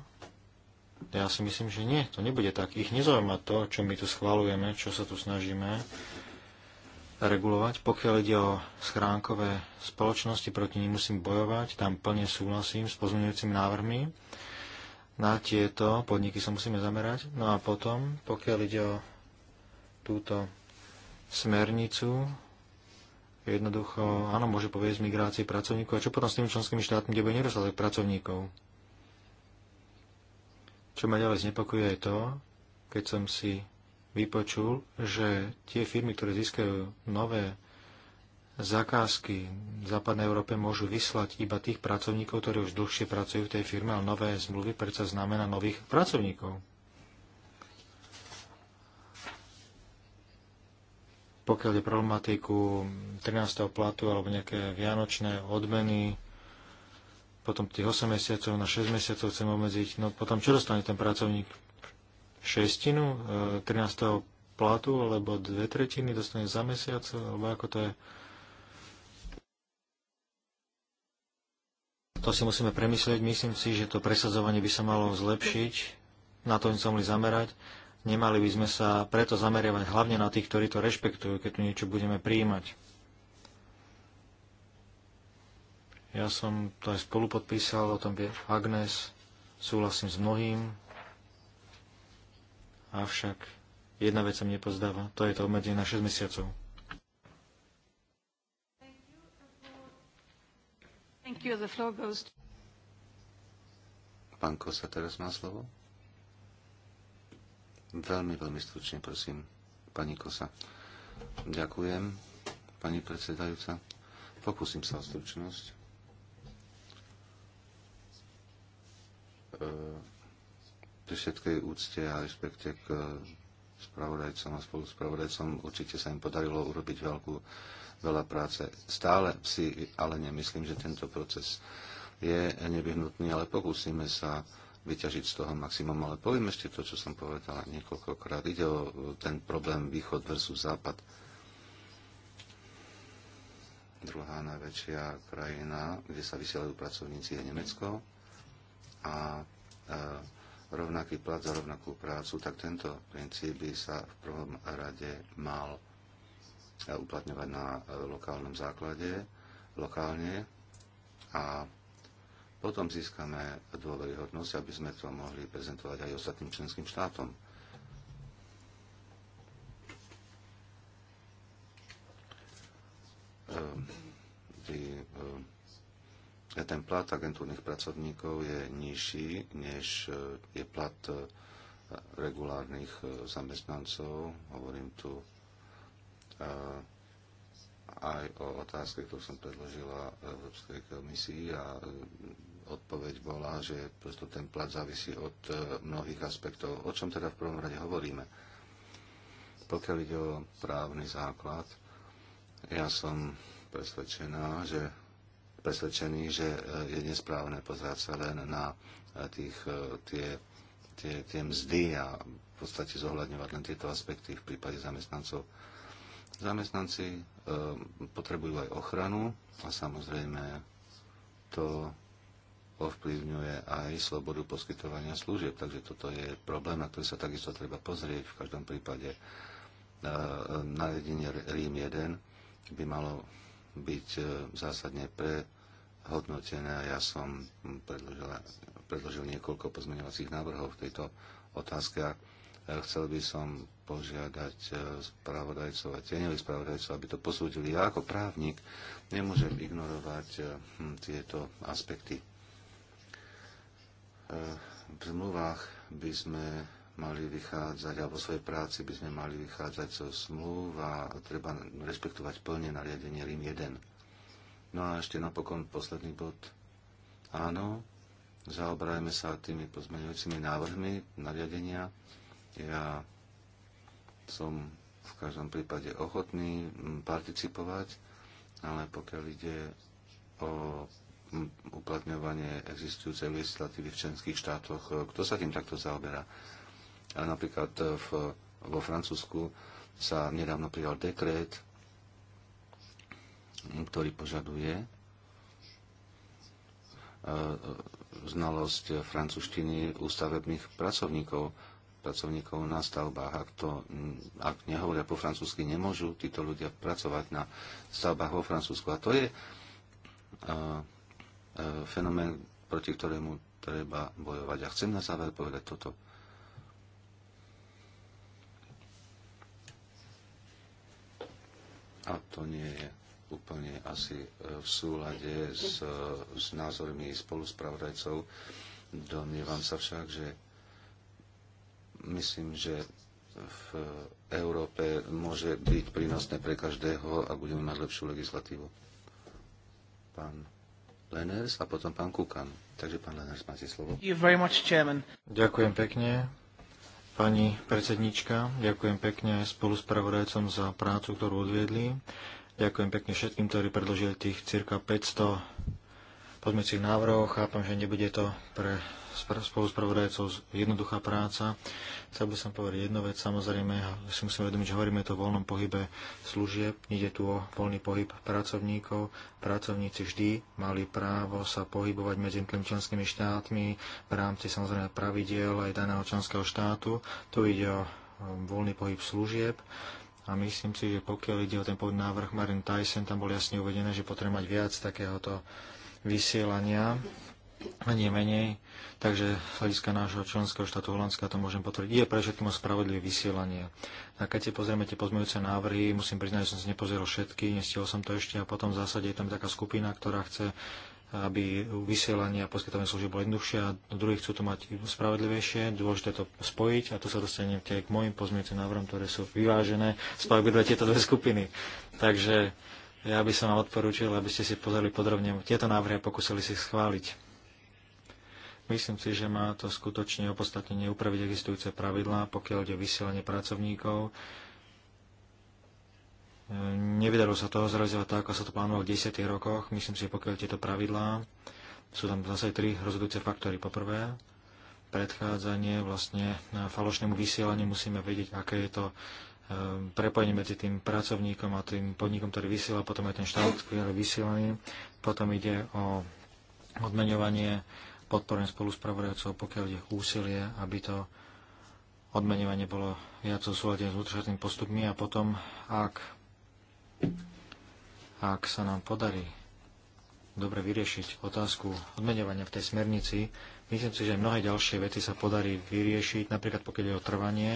ja si myslím, že nie, to nebude tak. Ich nezaujíma to, čo my tu schvalujeme, čo sa tu snažíme regulovať. Pokiaľ ide o schránkové spoločnosti, proti nim musím bojovať, tam plne súhlasím s pozmeňujúcimi návrhmi. Na tieto podniky sa musíme zamerať. No a potom, pokiaľ ide o túto smernicu, jednoducho, áno, môže povieť z migrácie pracovníkov. A čo potom s tými členskými štátmi, kde bude nedostatok pracovníkov? Čo ma ďalej znepokojuje je to, keď som si vypočul, že tie firmy, ktoré získajú nové zakázky v západnej Európe môžu vyslať iba tých pracovníkov, ktorí už dlhšie pracujú v tej firme, ale nové zmluvy predsa znamená nových pracovníkov. Pokiaľ je problematiku 13. platu alebo nejaké vianočné odmeny, potom tých 8 mesiacov na 6 mesiacov chcem obmedziť, no potom čo dostane ten pracovník? Šestinu 13. E, platu, alebo dve tretiny dostane za mesiac, alebo ako to je? To si musíme premyslieť. Myslím si, že to presadzovanie by sa malo zlepšiť. Na to sme sa mohli zamerať. Nemali by sme sa preto zameriavať hlavne na tých, ktorí to rešpektujú, keď tu niečo budeme prijímať. Ja som to aj spolu podpísal, o tom vie Agnes, súhlasím s mnohým, avšak jedna vec sa mi pozdáva, to je to obmedzenie na 6 mesiacov. Pán Kosa teraz má slovo. Veľmi, veľmi stručne, prosím, pani Kosa. Ďakujem, pani predsedajúca. Pokúsim sa o stručnosť. E, pri všetkej úcte a respekte k e, spravodajcom a spravodajcom určite sa im podarilo urobiť veľkú, veľa práce. Stále si ale nemyslím, že tento proces je nevyhnutný, ale pokúsime sa vyťažiť z toho maximum. Ale poviem ešte to, čo som povedala niekoľkokrát. Ide o ten problém východ versus západ. Druhá najväčšia krajina, kde sa vysielajú pracovníci, je Nemecko a e, rovnaký plat za rovnakú prácu, tak tento princíp by sa v prvom rade mal e, uplatňovať na e, lokálnom základe, lokálne a potom získame dôveryhodnosť, aby sme to mohli prezentovať aj ostatným členským štátom. Ehm, ten plat agentúrnych pracovníkov je nižší, než e, je plat e, regulárnych e, zamestnancov. Hovorím tu aj o otázke, ktorú som predložila Európskej komisii a odpoveď bola, že prosto ten plat závisí od mnohých aspektov. O čom teda v prvom rade hovoríme? Pokiaľ ide o právny základ, ja som presvedčená, že presvedčení, že e, je nesprávne pozerať sa len na e, tých, e, tie, tie, tie mzdy a v podstate zohľadňovať len tieto aspekty v prípade zamestnancov. Zamestnanci e, potrebujú aj ochranu a samozrejme to ovplyvňuje aj slobodu poskytovania služieb. Takže toto je problém, na ktorý sa takisto treba pozrieť. V každom prípade jedine Rím 1 by malo byť e, zásadne prehodnotené a ja som predložil niekoľko pozmeňovacích návrhov v tejto otázke a e, chcel by som požiadať e, spravodajcov a tieňových spravodajcov, aby to posúdili. Ja ako právnik nemôžem ignorovať hm, tieto aspekty. V zmluvách by sme mali vychádzať, alebo vo svojej práci by sme mali vychádzať zo smluv a treba rešpektovať plne nariadenie Rím 1. No a ešte napokon posledný bod. Áno, zaobrajme sa tými pozmeňujúcimi návrhmi nariadenia. Ja som v každom prípade ochotný participovať, ale pokiaľ ide o uplatňovanie existujúcej legislatívy v členských štátoch, e, kto sa tým takto zaoberá? Napríklad eh, v, vo Francúzsku sa nedávno prijal dekret, ktorý požaduje eh, znalosť francúzštiny u stavebných pracovníkov, pracovníkov na stavbách. Ak, to, mm, ak nehovoria po francúzsky, nemôžu títo ľudia pracovať na stavbách vo Francúzsku. A to je eh, fenomén, proti ktorému treba bojovať. A chcem na záver povedať toto. a to nie je úplne asi e, v súlade s, e, s názormi spoluspravodajcov. Domnievam sa však, že myslím, že v Európe môže byť prínosné pre každého a budeme mať lepšiu legislatívu. Pán Leners a potom pán Kukan. Takže pán Leners, máte slovo. Ďakujem pekne, pani predsednička. Ďakujem pekne spolu s pravodajcom za prácu, ktorú odviedli. Ďakujem pekne všetkým, ktorí predložili tých cirka 500 pozmeňujúcich návrhov. Chápam, že nebude to pre spoluspravodajcov jednoduchá práca. Chcel by som povedať jednu vec. Samozrejme, si musíme vedomiť, že hovoríme to o voľnom pohybe služieb. Ide tu o voľný pohyb pracovníkov. Pracovníci vždy mali právo sa pohybovať medzi členskými štátmi v rámci samozrejme pravidiel aj daného členského štátu. Tu ide o um, voľný pohyb služieb. A myslím si, že pokiaľ ide o ten návrh Marin Tyson, tam bol jasne uvedené, že potrebuje mať viac takéhoto vysielania a nie menej. Takže z hľadiska nášho členského štátu Holandska to môžem potvrdiť. Je pre všetkým o spravodlivé vysielanie. A keď si pozrieme tie pozmeňujúce návrhy, musím priznať, že som si nepozeral všetky, nestihol som to ešte a potom v zásade je tam taká skupina, ktorá chce aby vysielanie a poskytovanie služieb bolo jednoduchšie a druhí chcú to mať spravodlivejšie, dôležité to spojiť a tu sa dostanem k mojim pozmeňujúcim návrhom, ktoré sú vyvážené, spojiť tieto dve skupiny. Takže ja by som vám odporúčil, aby ste si pozreli podrobne tieto návrhy a pokúsili si ich schváliť. Myslím si, že má to skutočne opodstatnenie upraviť existujúce pravidlá, pokiaľ ide vysielanie pracovníkov. Nevydarilo sa toho zrealizovať tak, ako sa to plánovalo v 10 rokoch. Myslím si, že pokiaľ tieto pravidlá, sú tam zase tri rozhodujúce faktory. Poprvé, predchádzanie vlastne falošnému vysielaniu musíme vedieť, aké je to Ehm, prepojenie medzi tým pracovníkom a tým podnikom, ktorý vysiela, potom aj ten štát, ktorý vysielaný, potom ide o odmeňovanie, podporujem spoluspravodajcov, pokiaľ ide úsilie, aby to odmenovanie bolo viac súladené s vnútroštátnymi postupmi a potom, ak, ak sa nám podarí dobre vyriešiť otázku odmenovania v tej smernici, myslím si, že mnohé ďalšie veci sa podarí vyriešiť, napríklad pokiaľ je o trvanie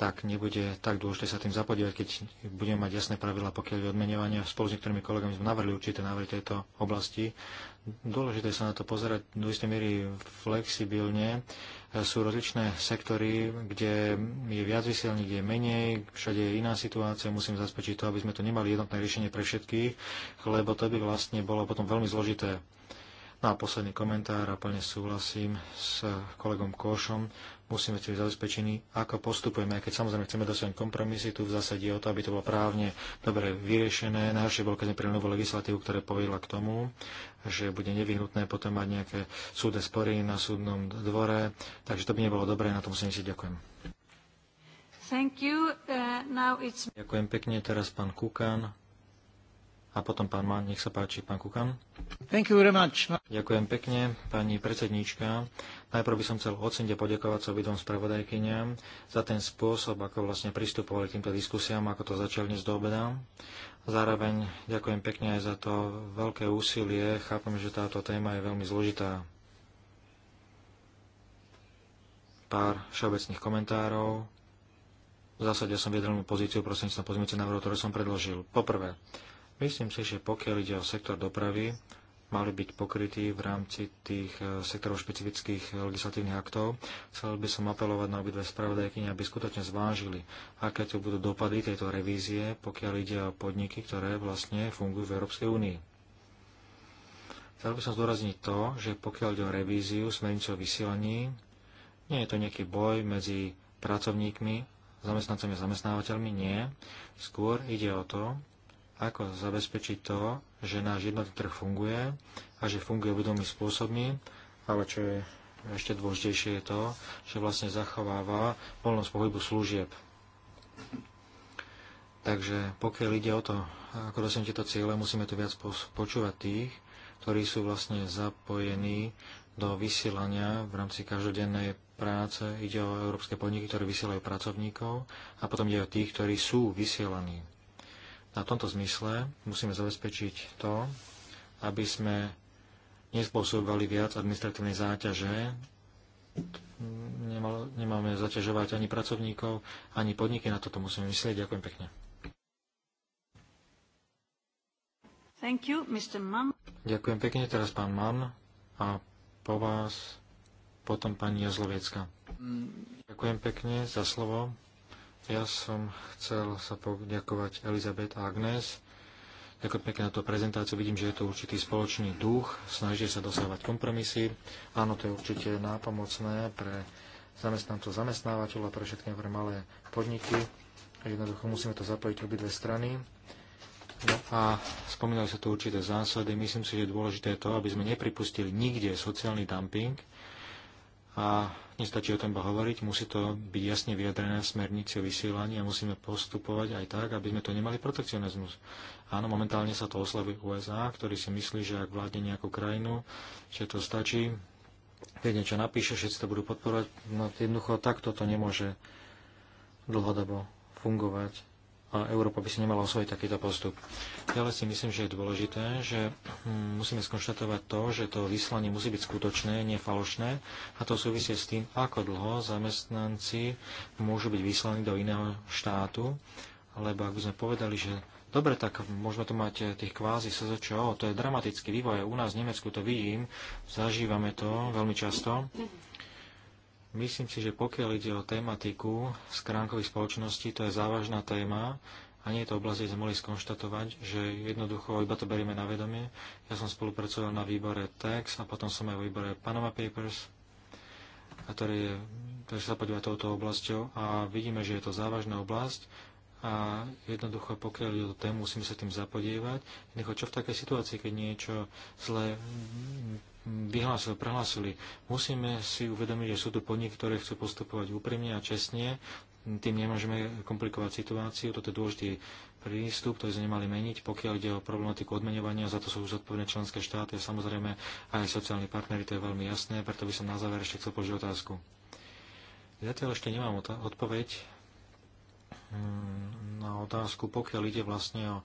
tak nebude tak dôležité sa tým zapodívať, keď budeme mať jasné pravidla, pokiaľ je odmenovanie. Spolu s niektorými kolegami sme navrhli určité návrhy tejto oblasti. Dôležité sa na to pozerať do istej miery flexibilne. Sú rozličné sektory, kde je viac vysielní, kde je menej, všade je iná situácia, musím zaspečiť to, aby sme tu nemali jednotné riešenie pre všetkých, lebo to by vlastne bolo potom veľmi zložité No a posledný komentár a plne súhlasím s kolegom Košom. Musíme byť zabezpečení, ako postupujeme, keď samozrejme chceme dosiahnuť kompromisy. Tu v zásade je o to, aby to bolo právne dobre vyriešené. Najhoršie bolo, keď sme prijali novú legislatívu, ktorá povedla k tomu, že bude nevyhnutné potom mať nejaké súde spory na súdnom dvore. Takže to by nebolo dobré, na to musím si ďakujem. Thank you. Uh, now it's... Ďakujem pekne, teraz pán Kukan a potom pán Mann, nech sa páči, pán Kukan. Thank you very much. Ďakujem pekne, pani predsedníčka. Najprv by som chcel ocenite podiakovať sa obidvom spravodajkyniam za ten spôsob, ako vlastne pristupovali k týmto diskusiám, ako to začal dnes do obeda. Zároveň ďakujem pekne aj za to veľké úsilie. Chápem, že táto téma je veľmi zložitá. Pár všeobecných komentárov. V zásade som viedel pozíciu prostredníctvom pozmiece návrhu, ktoré som predložil. Poprvé, Myslím si, že pokiaľ ide o sektor dopravy, mali byť pokrytí v rámci tých eh, sektorov špecifických legislatívnych aktov. Chcel by som apelovať na obidve spravodajkyne, aby skutočne zvážili, aké tu budú dopady tejto revízie, pokiaľ ide o podniky, ktoré vlastne fungujú v Európskej únii. Chcel by som zdôrazniť to, že pokiaľ ide o revíziu smernicov vysielaní, nie je to nejaký boj medzi pracovníkmi, zamestnancami a zamestnávateľmi, nie. Skôr ide o to, ako zabezpečiť to, že náš jednotný trh funguje a že funguje vedomým spôsobmi, ale čo je ešte dôležitejšie je to, že vlastne zachováva voľnosť pohybu služieb. Takže pokiaľ ide o to, ako dosiahnuť tieto ciele, musíme tu viac počúvať tých, ktorí sú vlastne zapojení do vysielania v rámci každodennej práce. Ide o európske podniky, ktoré vysielajú pracovníkov a potom ide o tých, ktorí sú vysielaní. Na tomto zmysle musíme zabezpečiť to, aby sme nespôsobovali viac administratívnej záťaže. Nemal, nemáme zaťažovať ani pracovníkov, ani podniky. Na toto musíme myslieť. Ďakujem pekne. Thank you, Mr. Mann. Ďakujem pekne. Teraz pán Mann a po vás potom pani Jazlovecka. Mm. Ďakujem pekne za slovo. Ja som chcel sa poďakovať Elizabeth a Agnes. Ďakujem pekne na tú prezentáciu. Vidím, že je to určitý spoločný duch. Snažíte sa dosávať kompromisy. Áno, to je určite nápomocné pre zamestnancov, zamestnávateľov a pre všetky pre malé podniky. Jednoducho musíme to zapojiť obidve strany. No a spomínali sa tu určité zásady. Myslím si, že je dôležité to, aby sme nepripustili nikde sociálny dumping, a nestačí o tom iba hovoriť, musí to byť jasne vyjadrené v smernici o vysielaní a musíme postupovať aj tak, aby sme to nemali protekcionizmus. Áno, momentálne sa to oslavuje USA, ktorý si myslí, že ak vládne nejakú krajinu, že to stačí, keď niečo napíše, všetci to budú podporovať, no jednoducho takto to nemôže dlhodobo fungovať a Európa by si nemala osvojiť takýto postup. Ďalej si myslím, že je dôležité, že hm, musíme skonštatovať to, že to vyslanie musí byť skutočné, nie falošné a to súvisie s tým, ako dlho zamestnanci môžu byť vyslaní do iného štátu, lebo ak by sme povedali, že Dobre, tak môžeme tu mať eh, tých kvázi SZČO, to je dramatický vývoj. U nás v Nemecku to vidím, zažívame to veľmi často. Myslím si, že pokiaľ ide o tematiku skránkových spoločností, to je závažná téma a nie je to oblasť, kde sme mohli skonštatovať, že jednoducho iba to berieme na vedomie. Ja som spolupracoval na výbore TEX a potom som aj vo výbore Panama Papers, ktorý je, ktorý sa podíva touto oblasťou a vidíme, že je to závažná oblasť a jednoducho pokiaľ ide o tému, musíme sa tým zapodievať. Jednoducho, čo v takej situácii, keď niečo zle vyhlásil, prehlásili. Musíme si uvedomiť, že sú tu podniky, ktoré chcú postupovať úprimne a čestne. Tým nemôžeme komplikovať situáciu. Toto je dôležitý prístup, to sme nemali meniť, pokiaľ ide o problematiku odmeňovania, za to sú už zodpovedné členské štáty a samozrejme aj sociálni partnery, to je veľmi jasné, preto by som na záver ešte chcel požiť otázku. Zatiaľ ešte nemám odpoveď mm, na otázku, pokiaľ ide vlastne o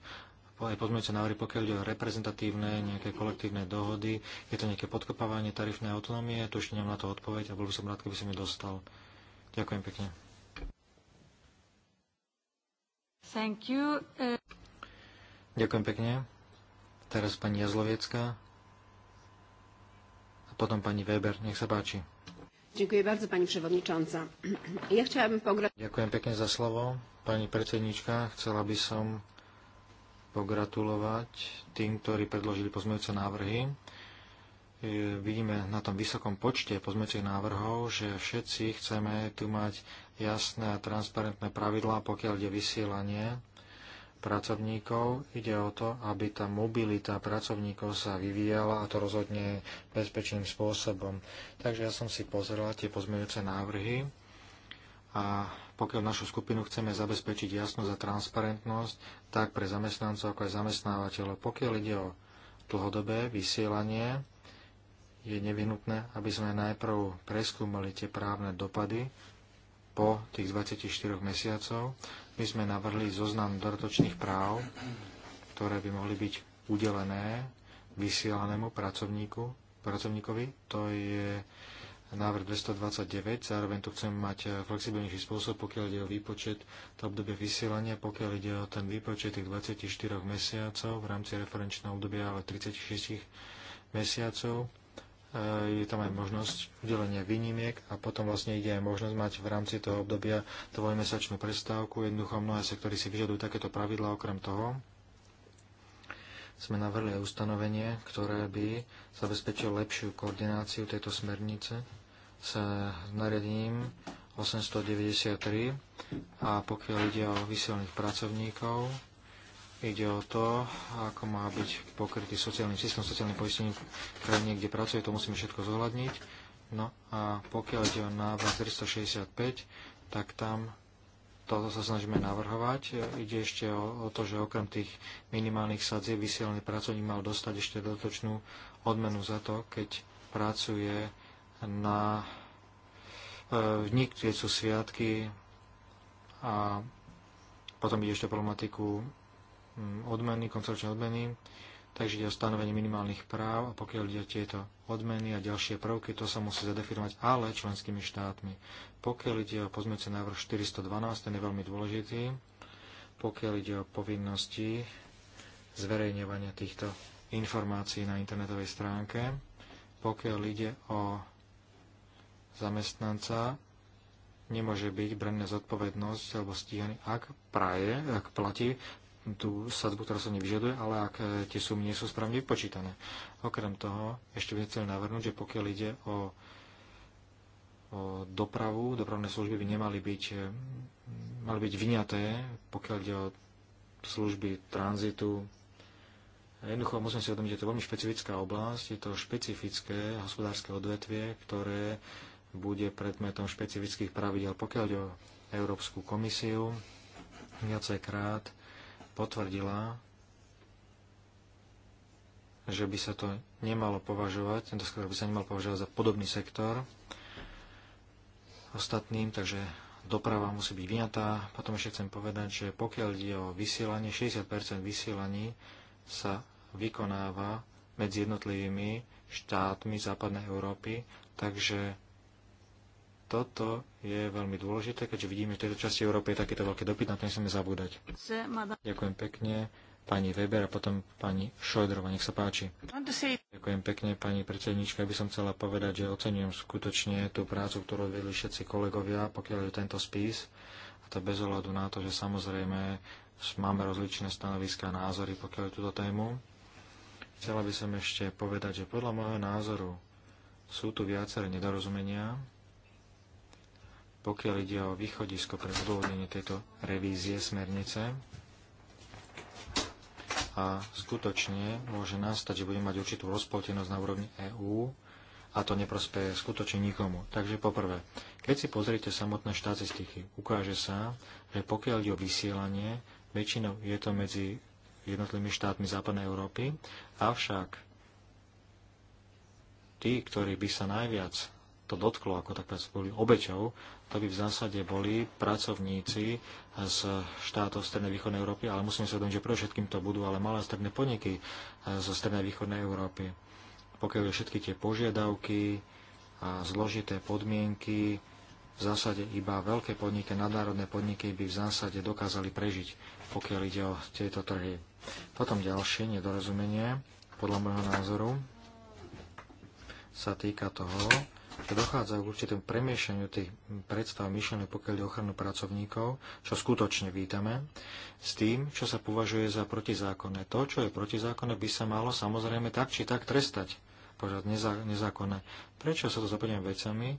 aj pozmeňujúce návrhy, pokiaľ ide o reprezentatívne nejaké kolektívne dohody, je to nejaké podkopávanie tarifnej autonómie, tu ešte nemám na to odpoveď a bol by som rád, keby som ju dostal. Ďakujem pekne. Thank you. Eh. Ďakujem pekne. Teraz pani Jazloviecka a potom pani Weber. Nech sa páči. Ďakujem bardzo, pani przewodnicząca. Ja chciałabym pogratulować... Ďakujem pekne za slovo, pani predsednička. Chcela by som pogratulovať tým, ktorí predložili pozmeňujúce návrhy. E, vidíme na tom vysokom počte pozmeňujúcich návrhov, že všetci chceme tu mať jasné a transparentné pravidlá, pokiaľ ide vysielanie pracovníkov. Ide o to, aby tá mobilita pracovníkov sa vyvíjala a to rozhodne bezpečným spôsobom. Takže ja som si pozrela tie pozmeňujúce návrhy a pokiaľ našu skupinu chceme zabezpečiť jasnosť a transparentnosť, tak pre zamestnancov ako aj zamestnávateľov. Pokiaľ ide o dlhodobé vysielanie, je nevyhnutné, aby sme najprv preskúmali tie právne dopady po tých 24 mesiacov. My sme navrhli zoznam dodatočných práv, ktoré by mohli byť udelené vysielanému pracovníku, pracovníkovi. To je návrh 229. Zároveň tu chcem mať eh, flexibilnejší spôsob, pokiaľ ide o výpočet to obdobie vysielania, pokiaľ ide o ten výpočet tých 24 mesiacov v rámci referenčného obdobia, ale 36 mesiacov. Eh, je tam aj možnosť udelenia výnimiek a potom vlastne ide aj možnosť mať v rámci toho obdobia dvojmesačnú prestávku. Jednoducho mnohé sektory si vyžadujú takéto pravidla okrem toho, sme navrhli aj ustanovenie, ktoré by zabezpečilo lepšiu koordináciu tejto smernice s nariadením 893 a pokiaľ ide o vysielných pracovníkov, ide o to, ako má byť pokrytý sociálny systém, sociálne poistenie v krajine, kde pracuje, to musíme všetko zohľadniť. No a pokiaľ ide o návrh 365, tak tam toto sa snažíme navrhovať. Ide ešte o, o to, že okrem tých minimálnych sadzieb vysielaný pracovník mal dostať ešte dotočnú odmenu za to, keď pracuje na e, sú sviatky a potom ide ešte problematiku mm, odmeny, koncoročné odmeny. Takže ide o stanovenie minimálnych práv a pokiaľ ide o tieto odmeny a ďalšie prvky, to sa musí zadefinovať ale členskými štátmi. Pokiaľ ide o pozmeňujúci návrh 412, ten je veľmi dôležitý. Pokiaľ ide o povinnosti zverejňovania týchto informácií na internetovej stránke, pokiaľ ide o zamestnanca, nemôže byť braná zodpovednosť alebo stíhaný, ak, praje, ak platí tú sadzbu, ktorá sa nevyžaduje, ale ak e, tie sumy nie sú správne vypočítané. Okrem toho, ešte by chcel navrhnúť, že pokiaľ ide o, o dopravu, dopravné služby by nemali byť, e, mali byť vyňaté, pokiaľ ide o služby tranzitu. Jednoducho musím si uvedomiť, že to je veľmi špecifická oblasť, je to špecifické hospodárske odvetvie, ktoré bude predmetom špecifických pravidel. Pokiaľ ide o Európsku komisiu, viacejkrát potvrdila, že by sa to nemalo považovať, tento sektor by sa nemal považovať za podobný sektor ostatným, takže doprava musí byť vyňatá. Potom ešte chcem povedať, že pokiaľ ide o vysielanie, 60 vysielaní sa vykonáva medzi jednotlivými štátmi západnej Európy, takže toto je veľmi dôležité, keďže vidíme, že v tejto časti Európy je takýto veľký dopyt, na to nesmieme zabúdať. Ďakujem pekne pani Weber a potom pani Šojdrova, nech sa páči. Ďakujem pekne, pani predsednička. Aby som chcela povedať, že ocenujem skutočne tú prácu, ktorú vedli všetci kolegovia, pokiaľ je tento spis. A to bez ohľadu na to, že samozrejme máme rozličné stanoviská a názory, pokiaľ je túto tému. Chcela by som ešte povedať, že podľa môjho názoru sú tu viaceré nedorozumenia, pokiaľ ide o východisko pre zdôvodnenie tejto revízie smernice. A skutočne môže nastať, že bude mať určitú rozpoltenosť na úrovni EÚ a to neprospeje skutočne nikomu. Takže poprvé, keď si pozriete samotné štatistiky, ukáže sa, že pokiaľ ide o vysielanie, väčšinou je to medzi jednotlivými štátmi západnej Európy, avšak tí, ktorí by sa najviac to dotklo, ako tak boli obeťou, to by v zásade boli pracovníci z štátov Strednej východnej Európy, ale musíme sa uvedomiť, že pre všetkým to budú ale malé stredné podniky zo Strednej východnej Európy. Pokiaľ je všetky tie požiadavky a zložité podmienky, v zásade iba veľké podniky, nadnárodné podniky by v zásade dokázali prežiť, pokiaľ ide o tieto trhy. Potom ďalšie nedorozumenie, podľa môjho názoru, sa týka toho, že dochádza k určitému premiešaniu tých predstav myšlenok, pokiaľ je ochranu pracovníkov, čo skutočne vítame, s tým, čo sa považuje za protizákonné. To, čo je protizákonné, by sa malo samozrejme tak či tak trestať, požiadať nezá, nezákonné. Prečo sa to zapadieme vecami,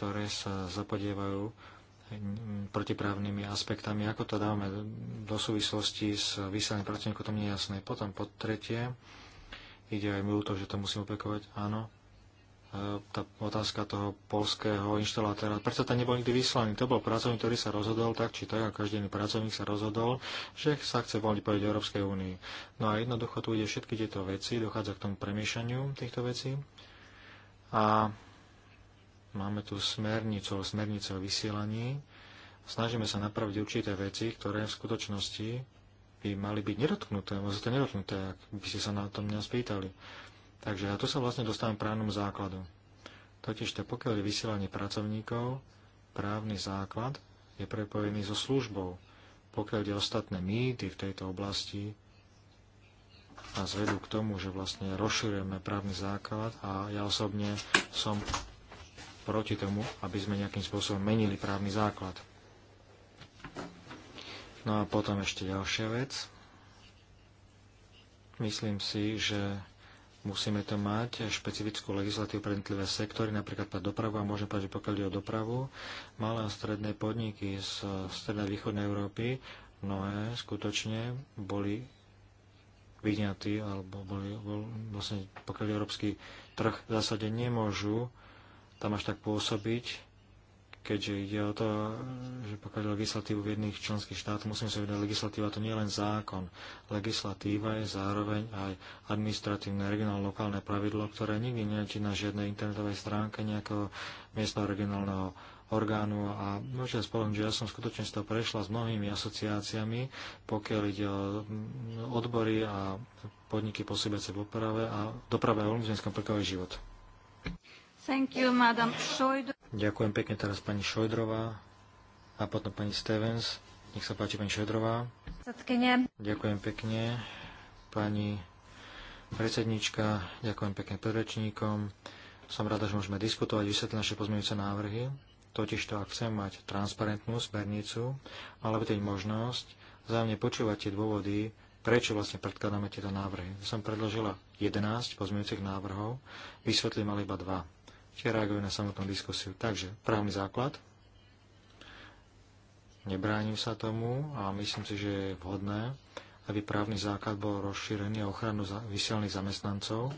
ktoré sa zapodievajú hm, protiprávnymi aspektami, ako to dávame do súvislosti s vysielaním pracovníkov, to nie je jasné. Potom pod tretie, ide aj mi to, že to musím opakovať, áno, E, tá otázka toho polského inštalátora. Prečo tam nebol nikdy vyslaný? To bol pracovník, ktorý sa rozhodol tak, či tak, a každý iný pracovník sa rozhodol, že sa chce voľniť povedať Európskej únii. No a jednoducho tu ide všetky tieto veci, dochádza k tomu premiešaniu týchto vecí. A máme tu smernicu, smernice o vysielaní. Snažíme sa napraviť určité veci, ktoré v skutočnosti by mali byť nedotknuté, možno to nedotknuté, ak by ste sa na tom mňa spýtali. Takže ja tu sa vlastne dostávam právnom základu. to pokiaľ je vysielanie pracovníkov, právny základ je prepojený so službou. Pokiaľ je ostatné mýty v tejto oblasti, a zvedú k tomu, že vlastne rozširujeme právny základ a ja osobne som proti tomu, aby sme nejakým spôsobom menili právny základ. No a potom ešte ďalšia vec. Myslím si, že musíme to mať špecifickú legislatívu pre jednotlivé sektory, napríklad pre dopravu, a môžem povedať, že pokiaľ ide o dopravu, malé a stredné podniky z strednej východnej Európy, mnohé skutočne boli vyňatí, alebo boli, bol, vlastne pokiaľ európsky trh v zásade nemôžu tam až tak pôsobiť, keďže ide o to, že pokiaľ legislatívu v jedných členských štátoch, musíme sa vedieť, legislatíva to nie je len zákon. Legislatíva je zároveň aj administratívne, regionálne, lokálne pravidlo, ktoré nikdy neči na žiadnej internetovej stránke nejakého miestneho regionálneho orgánu a môžem spomenúť, že ja som skutočne z toho prešla s mnohými asociáciami, pokiaľ ide o mm, odbory a podniky po sebe v oprave a doprave a veľmi sme život. You, Ďakujem pekne teraz pani Šojdrová a potom pani Stevens. Nech sa páči pani Šojdrová. Ďakujem pekne pani predsednička, ďakujem pekne predrečníkom. Som rada, že môžeme diskutovať, vysvetliť naše pozmeňujúce návrhy. to, ak chcem mať transparentnú smernicu, ale by možnosť zájemne počúvať tie dôvody, prečo vlastne predkladáme tieto návrhy. Som predložila 11 pozmeňujúcich návrhov, vysvetlím ale iba dva tie reagujú na samotnú diskusiu. Takže právny základ. Nebránim sa tomu a myslím si, že je vhodné, aby právny základ bol rozšírený a ochranu vysielných zamestnancov.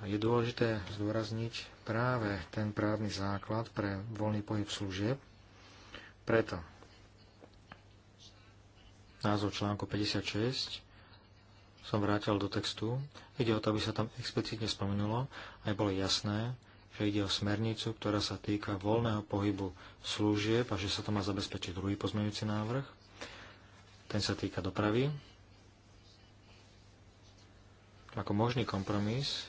A je dôležité zdôrazniť práve ten právny základ pre voľný pohyb služieb. Preto názov článku 56 som vrátil do textu. Ide o to, aby sa tam explicitne spomenulo, aj bolo jasné, že ide o smernicu, ktorá sa týka voľného pohybu služieb a že sa to má zabezpečiť druhý pozmeňujúci návrh. Ten sa týka dopravy. Ako možný kompromis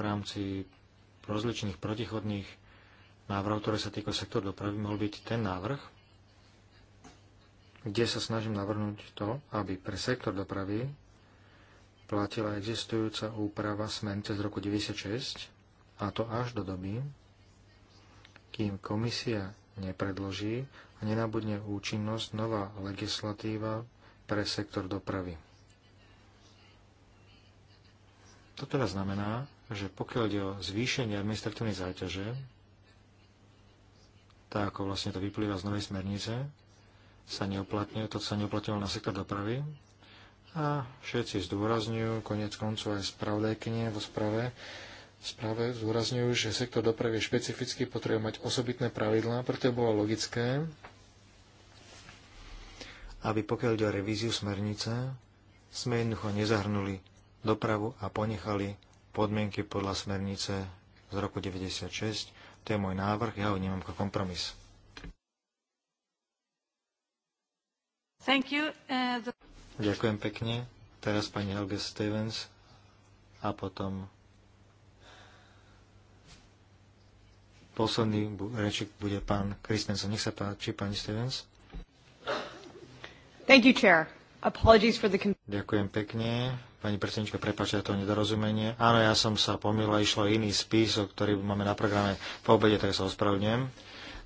v rámci rozličných protichodných návrhov, ktoré sa týkajú sektor dopravy, mohol byť ten návrh, kde sa snažím navrhnúť to, aby pre sektor dopravy platila existujúca úprava smernice z roku 96, a to až do doby, kým komisia nepredloží a nenabudne účinnosť nová legislatíva pre sektor dopravy. To teda znamená, že pokiaľ ide o zvýšenie administratívnej záťaže, tak ako vlastne to vyplýva z novej smernice, sa neoplatňuje, to sa neuplatňovalo na sektor dopravy, a všetci zdôrazňujú, konec koncov aj spravodajkynie vo sprave, správe zdôrazňujú, že sektor dopravy špecificky potrebuje mať osobitné pravidlá, preto bolo logické, aby pokiaľ ide o revíziu smernice, sme jednoducho nezahrnuli dopravu a ponechali podmienky podľa smernice z roku 96. To je môj návrh, ja ho nemám ako kompromis. Thank you. Uh, the... Ďakujem pekne. Teraz pani Helge Stevens a potom posledný rečik bude pán Kristensen. Nech sa páči, pani Stevens. Thank you, Chair. Apologies for the... Ďakujem pekne. Pani predsednička, prepáčte to nedorozumenie. Áno, ja som sa pomýla išlo iný spis, ktorý máme na programe po obede, tak sa ospravedlňujem.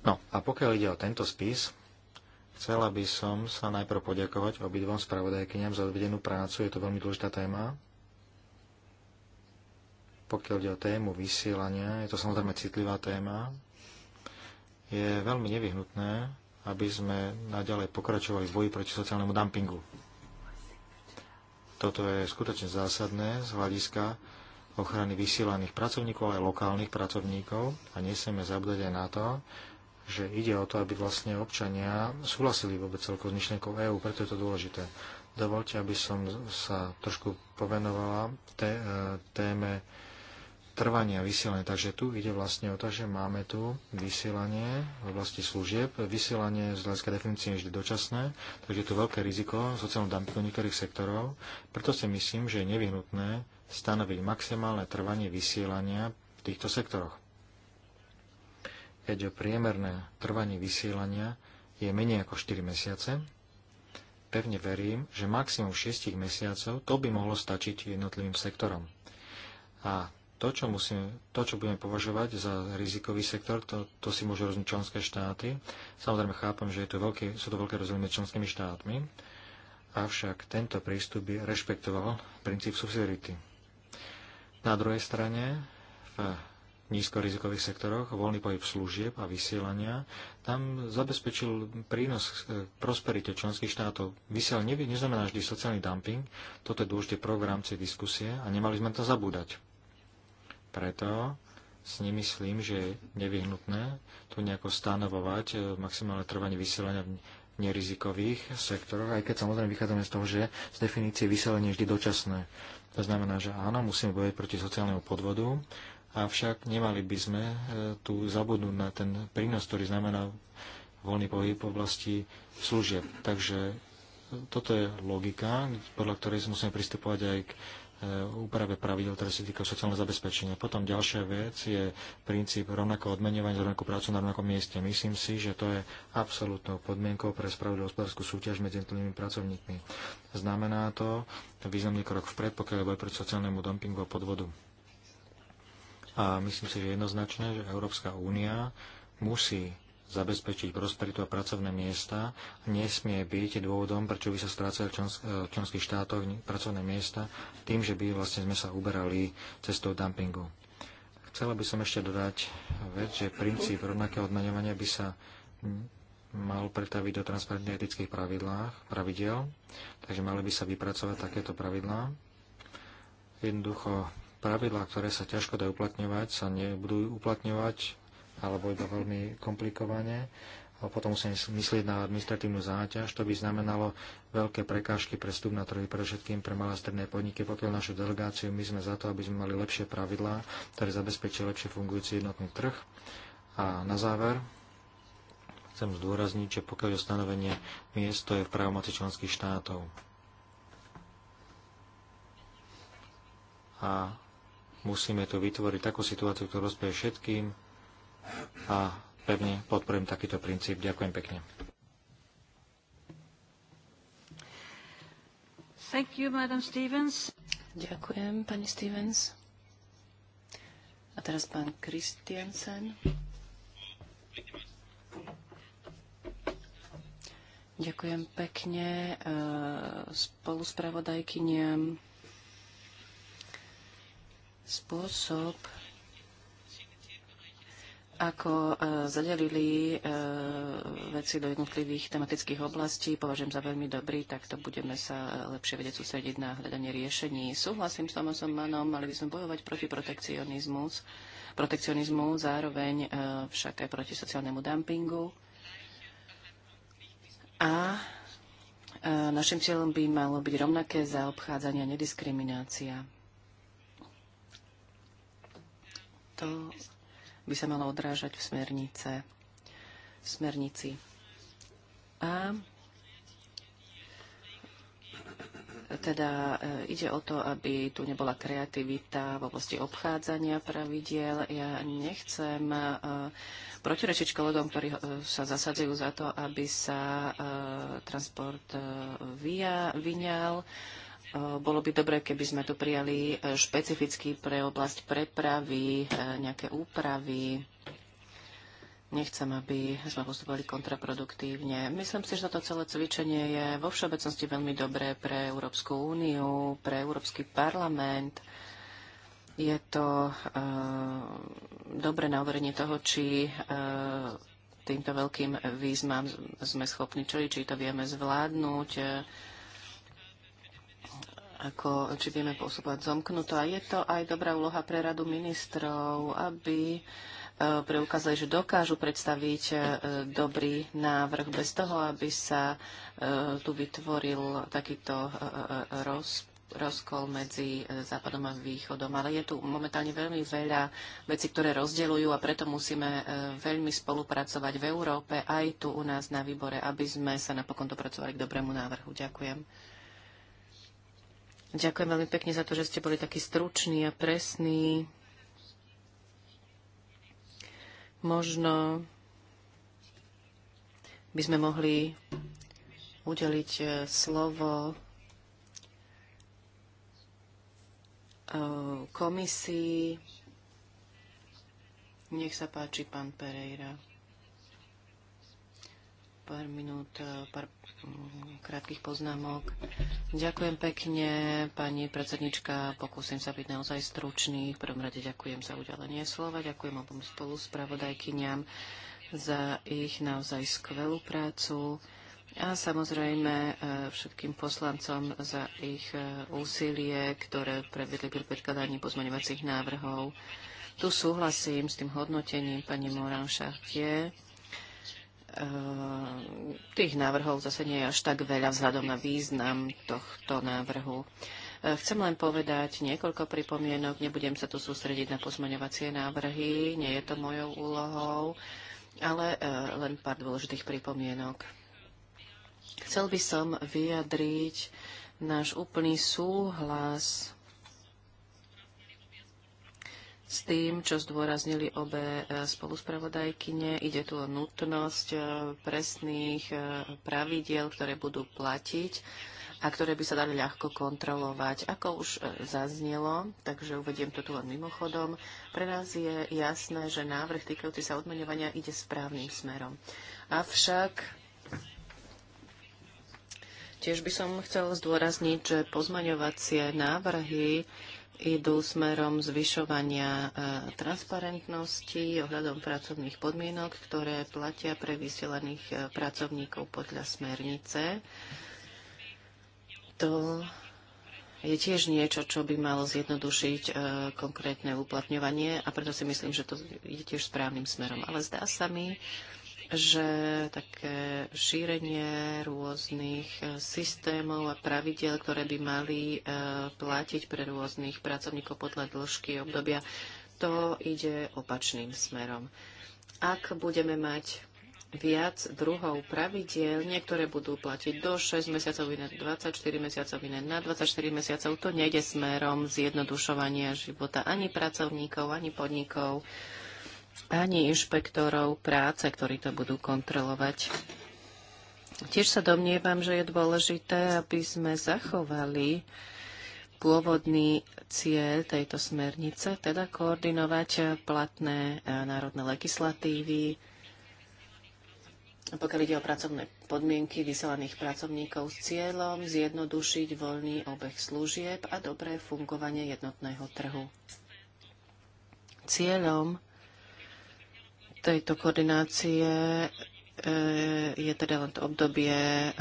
No a pokiaľ ide o tento spis, Chcela by som sa najprv poďakovať obidvom spravodajkyniam za odvedenú prácu, je to veľmi dôležitá téma. Pokiaľ ide o tému vysielania, je to samozrejme citlivá téma. Je veľmi nevyhnutné, aby sme naďalej pokračovali v boji proti sociálnemu dumpingu. Toto je skutočne zásadné z hľadiska ochrany vysielaných pracovníkov, ale aj lokálnych pracovníkov a nesieme zabúdať aj na to, že ide o to, aby vlastne občania súhlasili vôbec celkovo s myšlenkou EÚ, preto je to dôležité. Dovolte, aby som sa trošku povenovala té, e, téme trvania vysielania. Takže tu ide vlastne o to, že máme tu vysielanie v oblasti služieb. Vysielanie z hľadiska definície je vždy dočasné, takže je tu veľké riziko sociálneho dumpingu niektorých sektorov. Preto si myslím, že je nevyhnutné stanoviť maximálne trvanie vysielania v týchto sektoroch keďže priemerné trvanie vysielania je menej ako 4 mesiace, pevne verím, že maximum 6 mesiacov to by mohlo stačiť jednotlivým sektorom. A to, čo, musím, to, čo budeme považovať za rizikový sektor, to, to si môžu rozumieť členské štáty. Samozrejme chápam, že je to veľké, sú to veľké rozdiely členskými štátmi, avšak tento prístup by rešpektoval princíp subsidiarity. Na druhej strane v nízkorizikových sektoroch, voľný pohyb služieb a vysielania, tam zabezpečil prínos e, prosperite členských štátov. Vysiel ne, neznamená vždy sociálny dumping, toto je dôležitý program rámci diskusie a nemali sme to zabúdať. Preto si myslím, že je nevyhnutné tu nejako stanovovať e, maximálne trvanie vysielania v nerizikových sektoroch, aj keď samozrejme vychádzame z toho, že z definície vysielanie je vždy dočasné. To znamená, že áno, musíme bojovať proti sociálnemu podvodu, avšak nemali by sme e, tu zabudnúť na ten prínos, ktorý znamená voľný pohyb v oblasti služieb. Takže e, toto je logika, podľa ktorej musíme pristupovať aj k e, úprave pravidel, ktoré sa týkajú sociálneho zabezpečenia. Potom ďalšia vec je princíp rovnako odmenovania za rovnakú prácu na rovnakom mieste. Myslím si, že to je absolútnou podmienkou pre spravodlivú hospodárskú súťaž medzi jednotlivými pracovníkmi. Znamená to významný krok vpred, pokiaľ je boj pred sociálnemu dumpingu a podvodu. A myslím si, že jednoznačné, že Európska únia musí zabezpečiť prosperitu a pracovné miesta. Nesmie byť dôvodom, prečo by sa strácali v členských štátoch pracovné miesta tým, že by vlastne sme sa uberali cestou dumpingu. Chcela by som ešte dodať vec, že princíp rovnakého odmenovania by sa mal pretaviť do transparentných etických pravidlách, pravidel, takže mali by sa vypracovať takéto pravidlá. Jednoducho pravidlá, ktoré sa ťažko dajú uplatňovať, sa nebudú uplatňovať alebo iba veľmi komplikovane. A potom musíme myslieť na administratívnu záťaž. To by znamenalo veľké prekážky pre vstup na trhy, pre všetkým pre malé a stredné podniky. Pokiaľ našu delegáciu my sme za to, aby sme mali lepšie pravidlá, ktoré zabezpečia lepšie fungujúci jednotný trh. A na záver chcem zdôrazniť, že pokiaľ je stanovenie miest, to je v právomoci členských štátov. A Musíme tu vytvoriť takú situáciu, ktorú rozpeje všetkým a pevne podporujem takýto princíp. Ďakujem pekne. Thank you, Madam Stevens. Ďakujem, pani Stevens. A teraz pán Kristiansen. Ďakujem pekne eh, spoluspravodajkyniam Spôsob, ako e, zadelili e, veci do jednotlivých tematických oblastí, považujem za veľmi dobrý, tak to budeme sa lepšie vedieť sústrediť na hľadanie riešení. Súhlasím s Tomasom Manom, mali by sme bojovať proti protekcionizmus, protekcionizmu, zároveň e, však aj proti sociálnemu dumpingu. A našim cieľom by malo byť rovnaké zaobchádzanie a nediskriminácia. to by sa malo odrážať v smernice, v smernici. A teda e, ide o to, aby tu nebola kreativita v oblasti obchádzania pravidiel. Ja nechcem e, protirečiť kolegom, ktorí e, sa zasadzujú za to, aby sa transport vyňal. Via, E, bolo by dobré, keby sme tu prijali e, špecificky pre oblasť prepravy, e, nejaké úpravy. Nechcem, aby sme postupovali kontraproduktívne. Myslím si, že toto celé cvičenie je vo všeobecnosti veľmi dobré pre Európsku úniu, pre Európsky parlament. Je to e, dobre na overenie toho, či e, týmto veľkým výzvam sme schopní čeliť, či to vieme zvládnuť. E, ako či vieme pôsobať zomknuto. A je to aj dobrá úloha pre radu ministrov, aby e, preukázali, že dokážu predstaviť e, dobrý návrh bez toho, aby sa e, tu vytvoril takýto rozpočet rozkol medzi západom a východom, ale je tu momentálne veľmi veľa vecí, ktoré rozdeľujú a preto musíme veľmi spolupracovať v Európe aj tu u nás na výbore, aby sme sa napokon dopracovali k dobrému návrhu. Ďakujem. Ďakujem veľmi pekne za to, že ste boli takí struční a presní. Možno by sme mohli udeliť e, slovo e, komisii. Nech sa páči, pán Pereira pár minút, e, pár mm, krátkých poznámok. Ďakujem pekne, pani predsednička. Pokúsim sa byť naozaj stručný. V prvom rade ďakujem za udelenie slova, ďakujem obom spoluspravodajkyniam za ich naozaj skvelú prácu a samozrejme e, všetkým poslancom za ich e, úsilie, ktoré prevedli pri predkladaní pozmaňovacích návrhov. Tu súhlasím s tým hodnotením pani Moranša tie. Ehm, tých návrhov zase nie je až tak veľa vzhľadom na význam tohto návrhu. Ehm, chcem len povedať niekoľko pripomienok, nebudem sa tu sústrediť na pozmaňovacie návrhy, nie je to mojou úlohou, ale ehm, len pár dôležitých pripomienok. Chcel by som vyjadriť náš úplný súhlas s tým, čo zdôraznili obe e, spoluspravodajkyne. Ide tu o nutnosť e, presných e, pravidiel, ktoré budú platiť a ktoré by sa dali ľahko kontrolovať. Ako už zaznelo, takže uvediem to tu len mimochodom, pre nás je jasné, že návrh týkajúci sa odmenovania ide správnym smerom. Avšak tiež by som chcel zdôrazniť, že pozmaňovacie návrhy idú smerom zvyšovania e, transparentnosti ohľadom pracovných podmienok, ktoré platia pre vysielaných e, pracovníkov podľa smernice. To je tiež niečo, čo by malo zjednodušiť e, konkrétne uplatňovanie a preto si myslím, že to je tiež správnym smerom. Ale zdá sa mi, že také šírenie rôznych e, systémov a pravidel, ktoré by mali e, platiť pre rôznych pracovníkov podľa dĺžky obdobia, to ide opačným smerom. Ak budeme mať viac druhov pravidiel. Niektoré budú platiť do 6 mesiacov, iné 24 mesiacov, iné na 24 mesiacov. To nejde smerom zjednodušovania života ani pracovníkov, ani podnikov páni inšpektorov práce, ktorí to budú kontrolovať. Tiež sa domnievam, že je dôležité, aby sme zachovali pôvodný cieľ tejto smernice, teda koordinovať platné eh, národné legislatívy, pokiaľ ide o pracovné podmienky vyselaných pracovníkov s cieľom zjednodušiť voľný obeh služieb a dobré fungovanie jednotného trhu. Cieľom tejto koordinácie e, je teda len to obdobie e,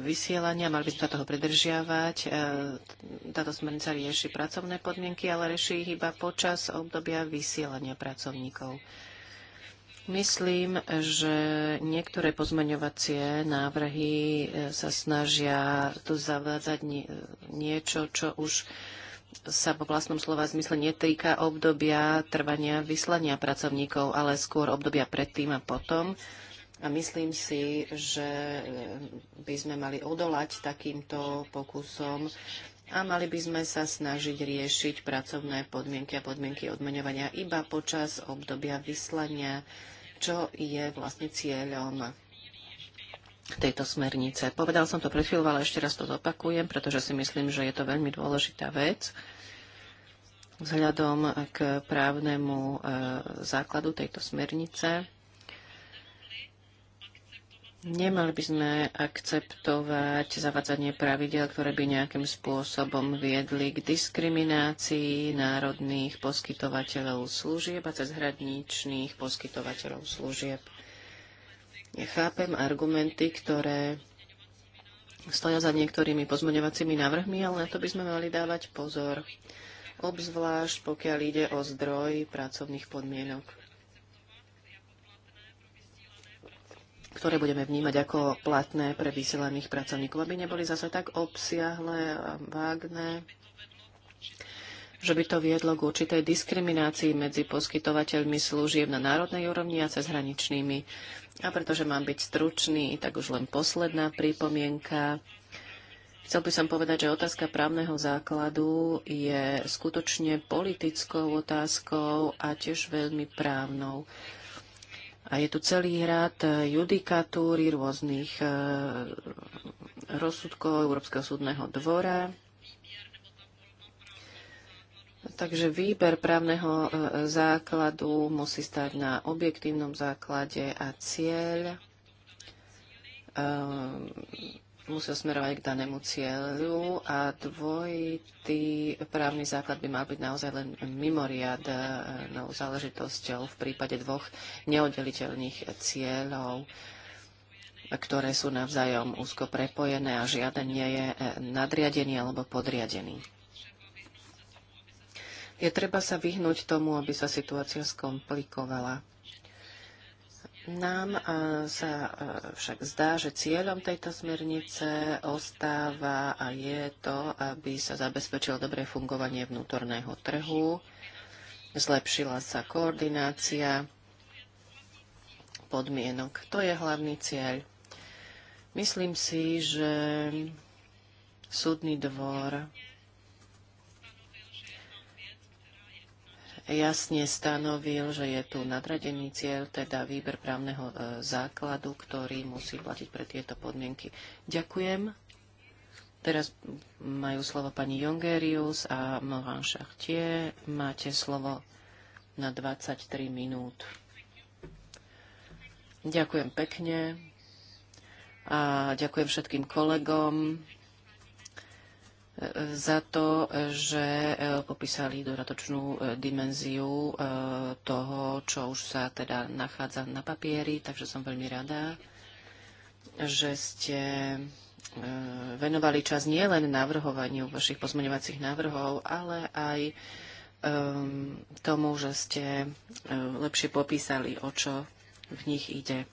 vysielania, mali by sme sa toho pridržiavať. E, táto smernica rieši pracovné podmienky, ale rieši ich iba počas obdobia vysielania pracovníkov. Myslím, že niektoré pozmeňovacie návrhy sa snažia tu zavádzať niečo, čo už sa po vlastnom slova zmysle netýka obdobia trvania vyslania pracovníkov, ale skôr obdobia predtým a potom. A myslím si, že eh, by sme mali odolať takýmto pokusom a mali by sme sa snažiť riešiť pracovné podmienky a podmienky odmeňovania iba počas obdobia vyslania, čo je vlastne cieľom tejto smernice. Povedal som to pred chvíľou, ale ešte raz to zopakujem, pretože si myslím, že je to veľmi dôležitá vec vzhľadom k právnemu e, základu tejto smernice. Nemali by sme akceptovať zavadzanie pravidel, ktoré by nejakým spôsobom viedli k diskriminácii národných poskytovateľov služieb a cezhraničných poskytovateľov služieb. Chápem argumenty, ktoré stoja za niektorými pozmeňovacími návrhmi, ale na to by sme mali dávať pozor, obzvlášť pokiaľ ide o zdroj pracovných podmienok, ktoré budeme vnímať ako platné pre vysielaných pracovníkov, aby neboli zase tak obsiahle a vágne, že by to viedlo k určitej diskriminácii medzi poskytovateľmi služieb na národnej úrovni a cezhraničnými. A pretože mám byť stručný, tak už len posledná prípomienka. Chcel by som povedať, že otázka právneho základu je skutočne politickou otázkou a tiež veľmi právnou. A je tu celý rád e, judikatúry rôznych e, rozsudkov Európskeho súdneho dvora. Takže výber právneho e, základu musí stať na objektívnom základe a cieľ e, musia smerovať k danému cieľu a dvojitý právny základ by mal byť naozaj len mimoriadnou záležitosťou v prípade dvoch neoddeliteľných cieľov ktoré sú navzájom úzko prepojené a žiaden nie je nadriadený alebo podriadený. Je treba sa vyhnúť tomu, aby sa situácia skomplikovala. Nám sa však zdá, že cieľom tejto smernice ostáva a je to, aby sa zabezpečilo dobré fungovanie vnútorného trhu, zlepšila sa koordinácia podmienok. To je hlavný cieľ. Myslím si, že súdny dvor jasne stanovil, že je tu nadradený cieľ, teda výber právneho e, základu, ktorý musí platiť pre tieto podmienky. Ďakujem. Teraz majú slovo pani Jongerius a Morin Chartier. Máte slovo na 23 minút. Ďakujem pekne a ďakujem všetkým kolegom za to, že e, popísali dodatočnú e, dimenziu e, toho, čo už sa teda nachádza na papieri, takže som veľmi rada, že ste venovali čas nielen navrhovaniu vašich pozmeňovacích návrhov, ale aj ehm, tomu, že ste lepšie popísali, o čo v nich ide.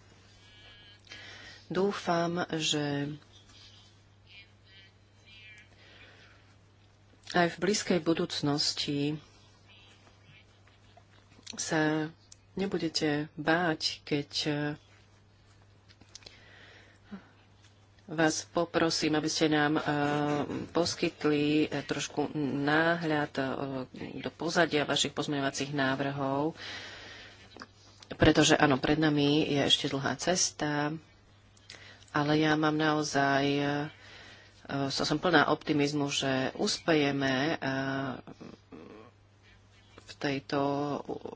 Dúfam, že aj v blízkej budúcnosti sa nebudete báť, keď eh, vás poprosím, aby ste nám eh, poskytli eh, trošku náhľad do pozadia vašich pozmeňovacích návrhov, pretože áno, pred nami je ešte dlhá cesta, ale ja mám naozaj so som plná optimizmu, že uspejeme eh, v tejto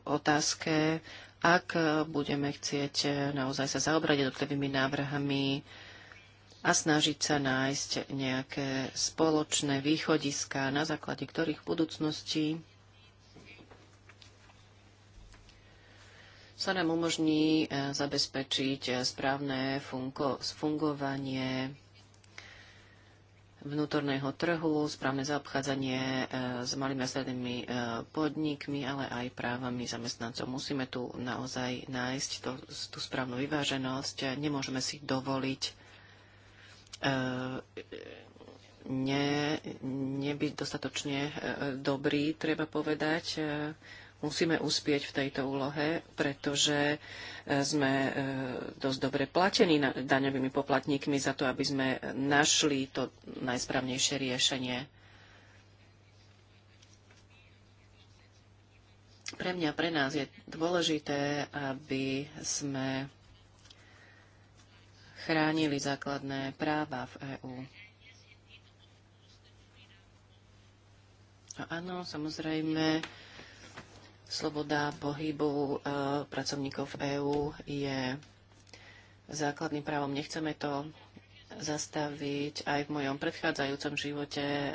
otázke, ak budeme chcieť naozaj sa zaobrať jednotlivými návrhami a snažiť sa nájsť nejaké spoločné východiska, na základe ktorých v budúcnosti sa nám umožní eh, zabezpečiť eh, správne fungo- fungovanie vnútorného trhu, správne zaobchádzanie e, s malými a strednými e, podnikmi, ale aj právami zamestnancov. Musíme tu naozaj nájsť to, tú správnu vyváženosť. Nemôžeme si dovoliť e, ne, nebyť dostatočne dobrý, treba povedať musíme uspieť v tejto úlohe, pretože e, sme e, dosť dobre platení daňovými poplatníkmi za to, aby sme našli to najsprávnejšie riešenie. Pre mňa, pre nás je dôležité, aby sme chránili základné práva v EÚ. A áno, samozrejme, Sloboda pohybu e, pracovníkov v EÚ je základným právom. Nechceme to zastaviť. Aj v mojom predchádzajúcom živote e,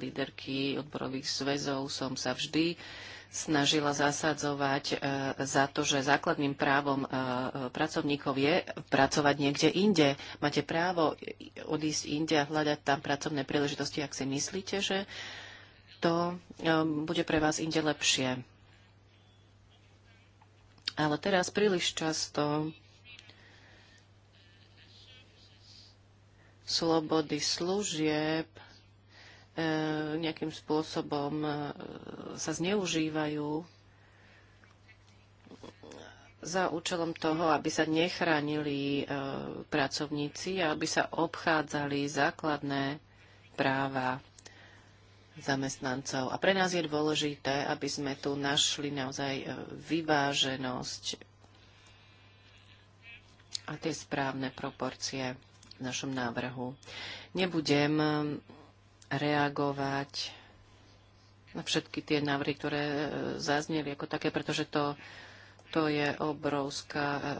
líderky odborových zväzov som sa vždy snažila zasadzovať e, za to, že základným právom pracovníkov je pracovať niekde inde. Máte právo odísť inde a hľadať tam pracovné príležitosti, ak si myslíte, že to bude pre vás inde lepšie. Ale teraz príliš často slobody služieb e, nejakým spôsobom e, sa zneužívajú za účelom toho, aby sa nechránili e, pracovníci a aby sa obchádzali základné práva zamestnancov. A pre nás je dôležité, aby sme tu našli naozaj e, vyváženosť a tie správne proporcie v našom návrhu. Nebudem e, reagovať na všetky tie návrhy, ktoré e, zazneli ako také, pretože to, to je obrovská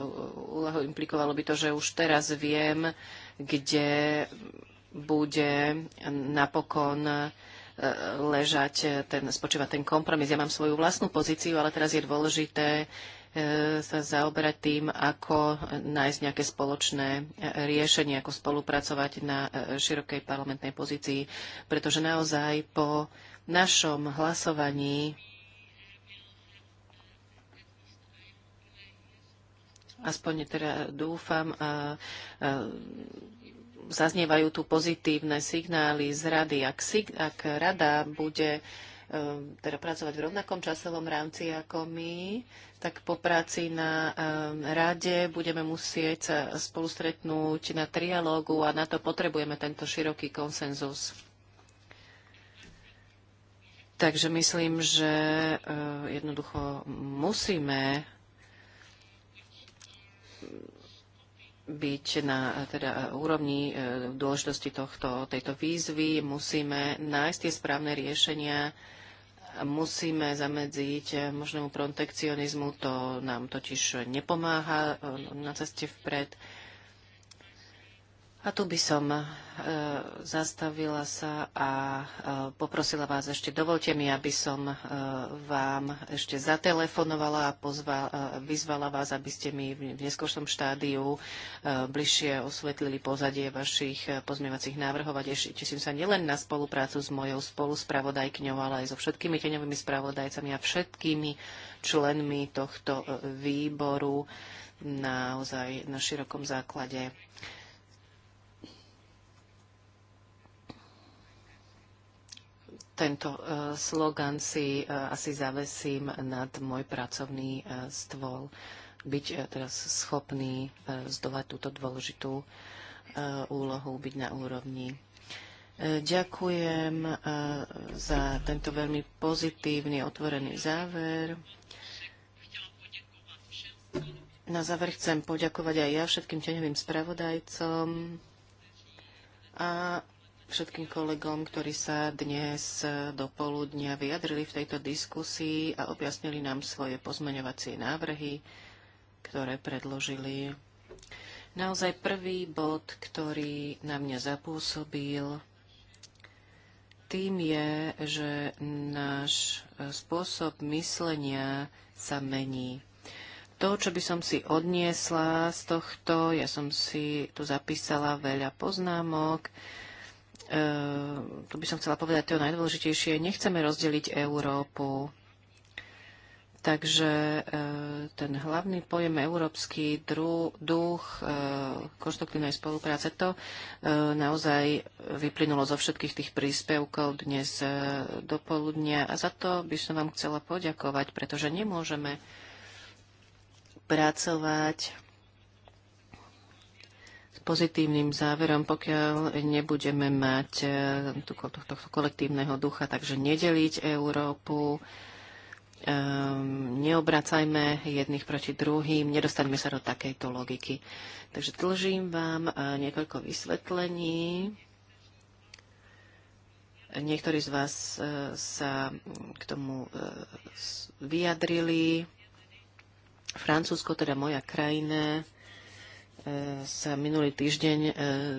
úlaha. Implikovalo by to, že už teraz viem, kde bude napokon ležať, ten, spočívať ten kompromis. Ja mám svoju vlastnú pozíciu, ale teraz je dôležité e, sa zaoberať tým, ako nájsť nejaké spoločné e, riešenie, ako spolupracovať na e, širokej parlamentnej pozícii, pretože naozaj po našom hlasovaní aspoň teda dúfam, a, a, zaznievajú tu pozitívne signály z rady. Ak, sig- ak rada bude ehm, teda pracovať v rovnakom časovom rámci ako my, tak po práci na um, rade budeme musieť sa spolu stretnúť na trialógu a na to potrebujeme tento široký konsenzus. Takže myslím, že uh, jednoducho musíme byť na teda, úrovni e, dôležitosti tohto, tejto výzvy. Musíme nájsť tie správne riešenia, musíme zamedziť možnému protekcionizmu, to nám totiž nepomáha e, na ceste vpred. A tu by som e, zastavila sa a e, poprosila vás ešte, dovolte mi, aby som e, vám ešte zatelefonovala a pozva, e, vyzvala vás, aby ste mi v, v neskôršom štádiu e, bližšie osvetlili pozadie vašich e, pozmievacích návrhov a teším sa nielen na spoluprácu s mojou spoluspravodajkňou, ale aj so všetkými teňovými spravodajcami a všetkými členmi tohto e, výboru naozaj na širokom základe Tento e, slogan si e, asi zavesím nad môj pracovný e, stôl. Byť teraz schopný zdovať túto dôležitú úlohu, byť na úrovni Ďakujem za tento veľmi pozitívny, otvorený záver. Na záver chcem poďakovať aj ja všetkým teňovým spravodajcom a všetkým kolegom, ktorí sa dnes do poludnia vyjadrili v tejto diskusii a objasnili nám svoje pozmeňovacie návrhy, ktoré predložili. Naozaj prvý bod, ktorý na mňa zapôsobil, tým je, že náš spôsob myslenia sa mení. To, čo by som si odniesla z tohto, ja som si tu zapísala veľa poznámok, Eh, tu by som chcela povedať to najdôležitejšie, nechceme rozdeliť Európu. Takže eh, ten hlavný pojem európsky duch eh, konštruktívnej spolupráce, to naozaj vyplynulo zo všetkých tých príspevkov dnes do poludnia. A za to by som vám chcela poďakovať, pretože nemôžeme pracovať pozitívnym záverom, pokiaľ nebudeme mať eh, tohto, kolektívneho ducha, takže nedeliť Európu, um, neobracajme jedných proti druhým, nedostaňme sa do takejto logiky. Takže dlžím vám eh, niekoľko vysvetlení. Niektorí z vás eh, sa k tomu vyjadrili. Francúzsko, teda moja krajina, E, sa minulý týždeň e,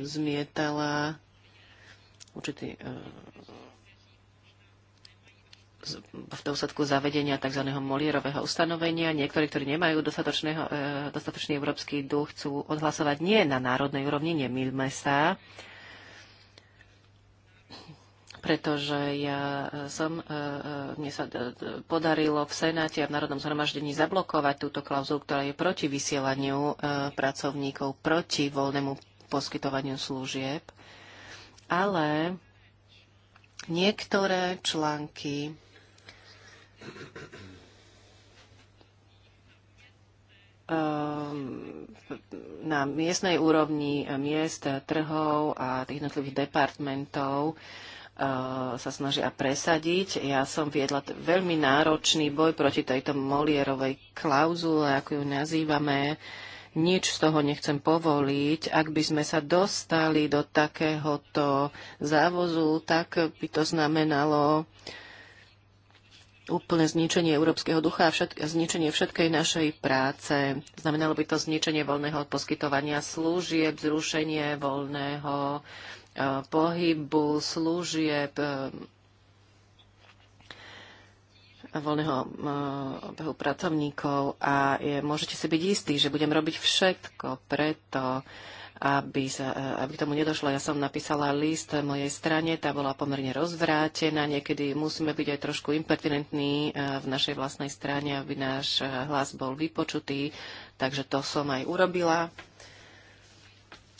zmietala určitý e, v dôsledku zavedenia tzv. molierového ustanovenia. Niektorí, ktorí nemajú dostatočný európsky duch, chcú odhlasovať nie na národnej úrovni, nemýlme sa, pretože ja e, som, e, e, mne sa podarilo v Senáte a v Národnom zhromaždení zablokovať túto klauzulu, ktorá je proti vysielaniu pracovníkov, proti voľnému poskytovaniu služieb. Ale niektoré články ehm, na miestnej úrovni miest, trhov a tých jednotlivých departmentov Eh, sa snažia presadiť. Ja som viedla veľmi náročný boj proti tejto Molierovej klauzule, ako ju nazývame. Nič z toho nechcem povoliť. Ak by sme sa dostali do takéhoto závozu, tak by to znamenalo úplné zničenie európskeho ducha a všetk- zničenie všetkej našej práce. Znamenalo by to zničenie voľného poskytovania služieb, zrušenie voľného uh, pohybu, služieb, voľného obehu pracovníkov a je, môžete si byť istí, že budem robiť všetko preto, aby, sa, aby k tomu nedošlo. Ja som napísala list mojej strane, tá bola pomerne rozvrátená, niekedy musíme byť aj trošku impertinentní v našej vlastnej strane, aby náš hlas bol vypočutý, takže to som aj urobila.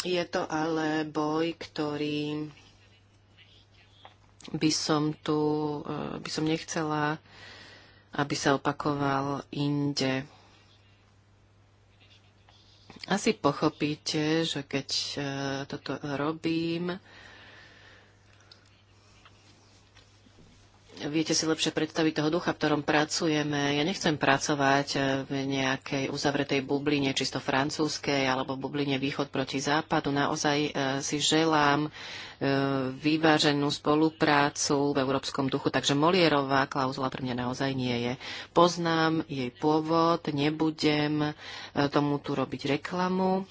Je to ale boj, ktorý by som tu, e, by som nechcela, aby sa opakoval inde. Asi pochopíte, že keď e, toto robím, viete si lepšie predstaviť toho ducha, v ktorom pracujeme. Ja nechcem pracovať eh, v nejakej uzavretej bubline, čisto francúzskej, alebo bubline východ proti západu. Naozaj eh, si želám eh, vyváženú spoluprácu v európskom duchu, takže Molierová klauzula pre mňa naozaj nie je. Poznám jej pôvod, nebudem tomu tu robiť reklamu.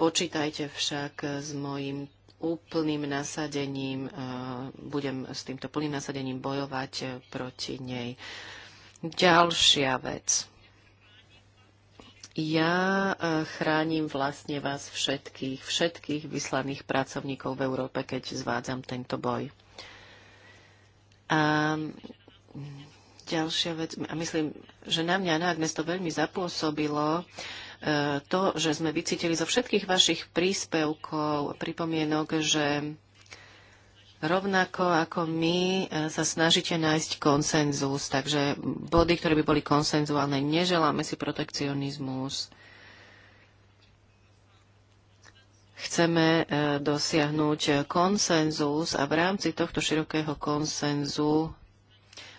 Počítajte však s mojim úplným nasadením, e, budem s týmto plným nasadením bojovať e, proti nej. Ďalšia vec. Ja e, chránim vlastne vás všetkých, všetkých vyslaných pracovníkov v Európe, keď zvádzam tento boj. A mm, ďalšia vec, a myslím, že na mňa na Agnes to veľmi zapôsobilo, to, že sme vycítili zo všetkých vašich príspevkov, pripomienok, že rovnako ako my e, sa snažíte nájsť konsenzus. Takže body, ktoré by boli konsenzuálne, neželáme si protekcionizmus. Chceme e, dosiahnuť konsenzus a v rámci tohto širokého konsenzu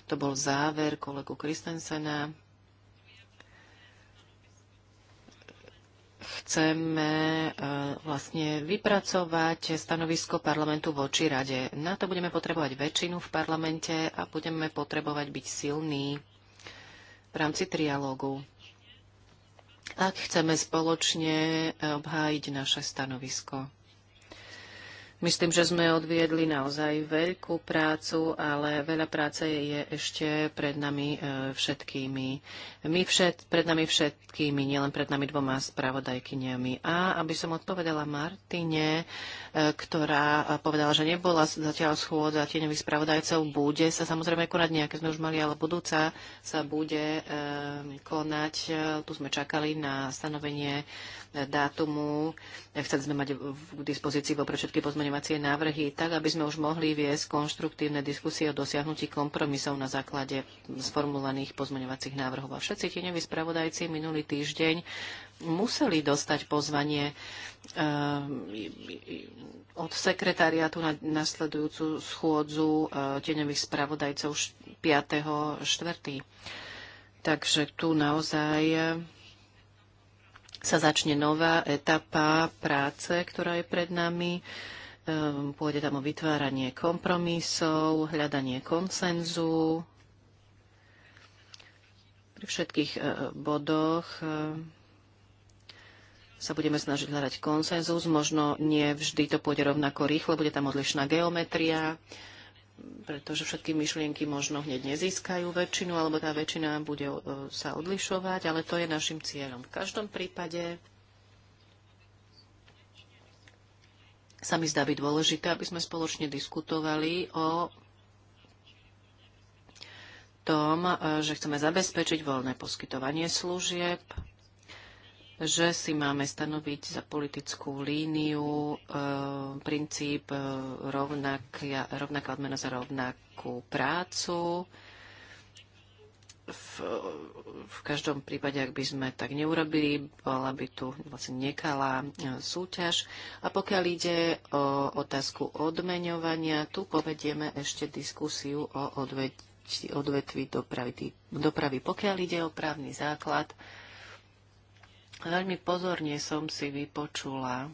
to bol záver kolegu Kristensena, chceme e, vlastne vypracovať stanovisko parlamentu voči rade. Na to budeme potrebovať väčšinu v parlamente a budeme potrebovať byť silní v rámci trialógu. Ak chceme spoločne e, obhájiť naše stanovisko. Myslím, že sme odviedli naozaj veľkú prácu, ale veľa práce je ešte pred nami e, všetkými. My všet, pred nami všetkými, nielen pred nami dvoma spravodajkyniami. A aby som odpovedala Martine, e, ktorá povedala, že nebola zatiaľ schôdza tieňových spravodajcov, bude sa samozrejme konať nejaké sme už mali, ale budúca sa bude e, konať. Tu sme čakali na stanovenie dátumu. Chceli sme mať k dispozícii vopred všetky pozmenia pozmeňovacie návrhy tak, aby sme už mohli viesť konštruktívne diskusie o dosiahnutí kompromisov na základe sformulovaných pozmeňovacích návrhov. A všetci tieňoví spravodajci minulý týždeň museli dostať pozvanie eh, od sekretariátu na nasledujúcu schôdzu eh, tieňových spravodajcov 5. 4. Takže tu naozaj eh, sa začne nová etapa práce, ktorá je pred nami. Ehm, pôjde tam o vytváranie kompromisov, hľadanie konsenzu pri všetkých e, bodoch ehm, sa budeme snažiť hľadať konsenzus. Možno nie vždy to pôjde rovnako rýchlo, bude tam odlišná geometria, pretože všetky myšlienky možno hneď nezískajú väčšinu, alebo tá väčšina bude e, sa odlišovať, ale to je našim cieľom. V každom prípade sa mi zdá byť dôležité, aby sme spoločne diskutovali o tom, e, že chceme zabezpečiť voľné poskytovanie služieb, že si máme stanoviť za politickú líniu e, princíp e, rovnaká, rovnaká odmena za rovnakú prácu, v, v každom prípade, ak by sme tak neurobili, bola by tu vlastne nekalá e, súťaž. A pokiaľ ide o otázku odmeňovania, tu povedieme ešte diskusiu o odvetvi, dopravy, dopravy. Pokiaľ ide o právny základ, veľmi pozorne som si vypočula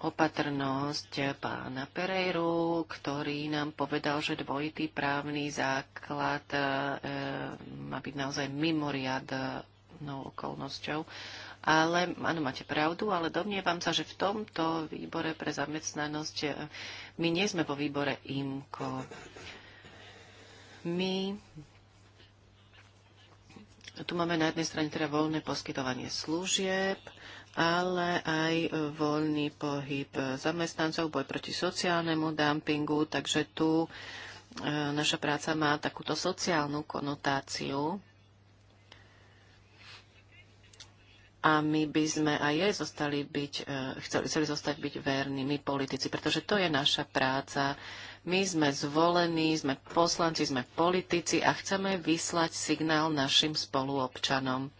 opatrnosť pána Perejru, ktorý nám povedal, že dvojitý právny základ e, má byť naozaj mimoriadnou okolnosťou. Ale, áno, máte pravdu, ale domnievam sa, že v tomto výbore pre zamestnanosť e, my nie sme vo výbore IMKO. My tu máme na jednej strane teda voľné poskytovanie služieb, ale aj e, voľný pohyb zamestnancov, boj proti sociálnemu dumpingu, takže tu e, naša práca má takúto sociálnu konotáciu. A my by sme aj jej zostali byť, e, chceli, chceli zostať byť verní, my politici, pretože to je naša práca. My sme zvolení, sme poslanci, sme politici a chceme vyslať signál našim spoluobčanom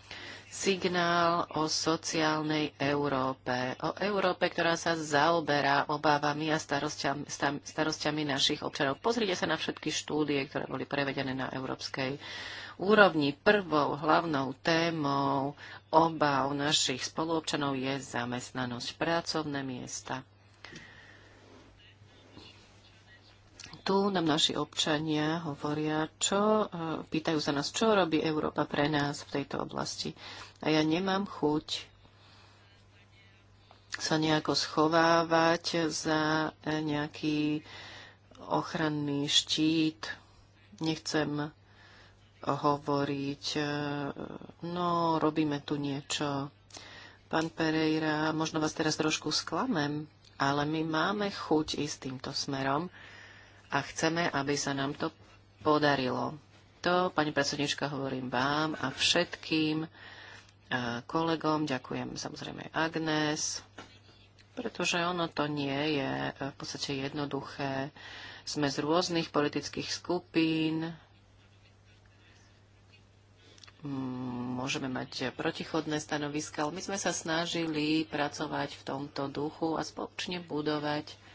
signál o sociálnej Európe. O Európe, ktorá sa zaoberá obávami a starostiami, starostiami našich občanov. Pozrite sa na všetky štúdie, ktoré boli prevedené na európskej úrovni. Prvou hlavnou témou obav našich spoluobčanov je zamestnanosť, pracovné miesta. tu nám naši občania hovoria, čo, e, pýtajú sa nás, čo robí Európa pre nás v tejto oblasti. A ja nemám chuť sa nejako schovávať za e, nejaký ochranný štít. Nechcem hovoriť, e, no robíme tu niečo. Pán Pereira, možno vás teraz trošku sklamem, ale my máme chuť ísť týmto smerom a chceme, aby sa nám to podarilo. To, pani predsednička, hovorím vám a všetkým e, kolegom. Ďakujem samozrejme Agnes, pretože ono to nie je e, v podstate jednoduché. Sme z rôznych politických skupín, mm, môžeme mať protichodné stanoviska, ale my sme sa snažili pracovať v tomto duchu a spoločne budovať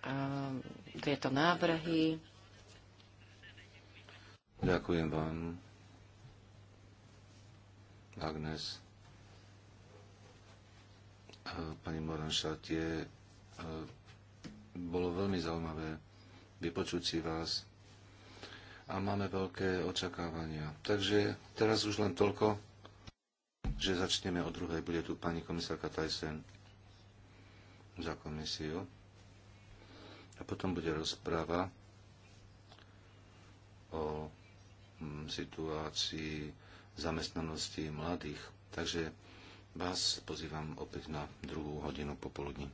Ehm, tieto návrhy. Ďakujem vám, Agnes. Ehm, pani tie ehm, bolo veľmi zaujímavé vypočuť si vás a máme veľké očakávania. Takže teraz už len toľko, že začneme o druhej. Bude tu pani komisárka Tyson za komisiu. A potom bude rozpráva o mm, situácii zamestnanosti mladých. Takže vás pozývam opäť na druhú hodinu popoludní.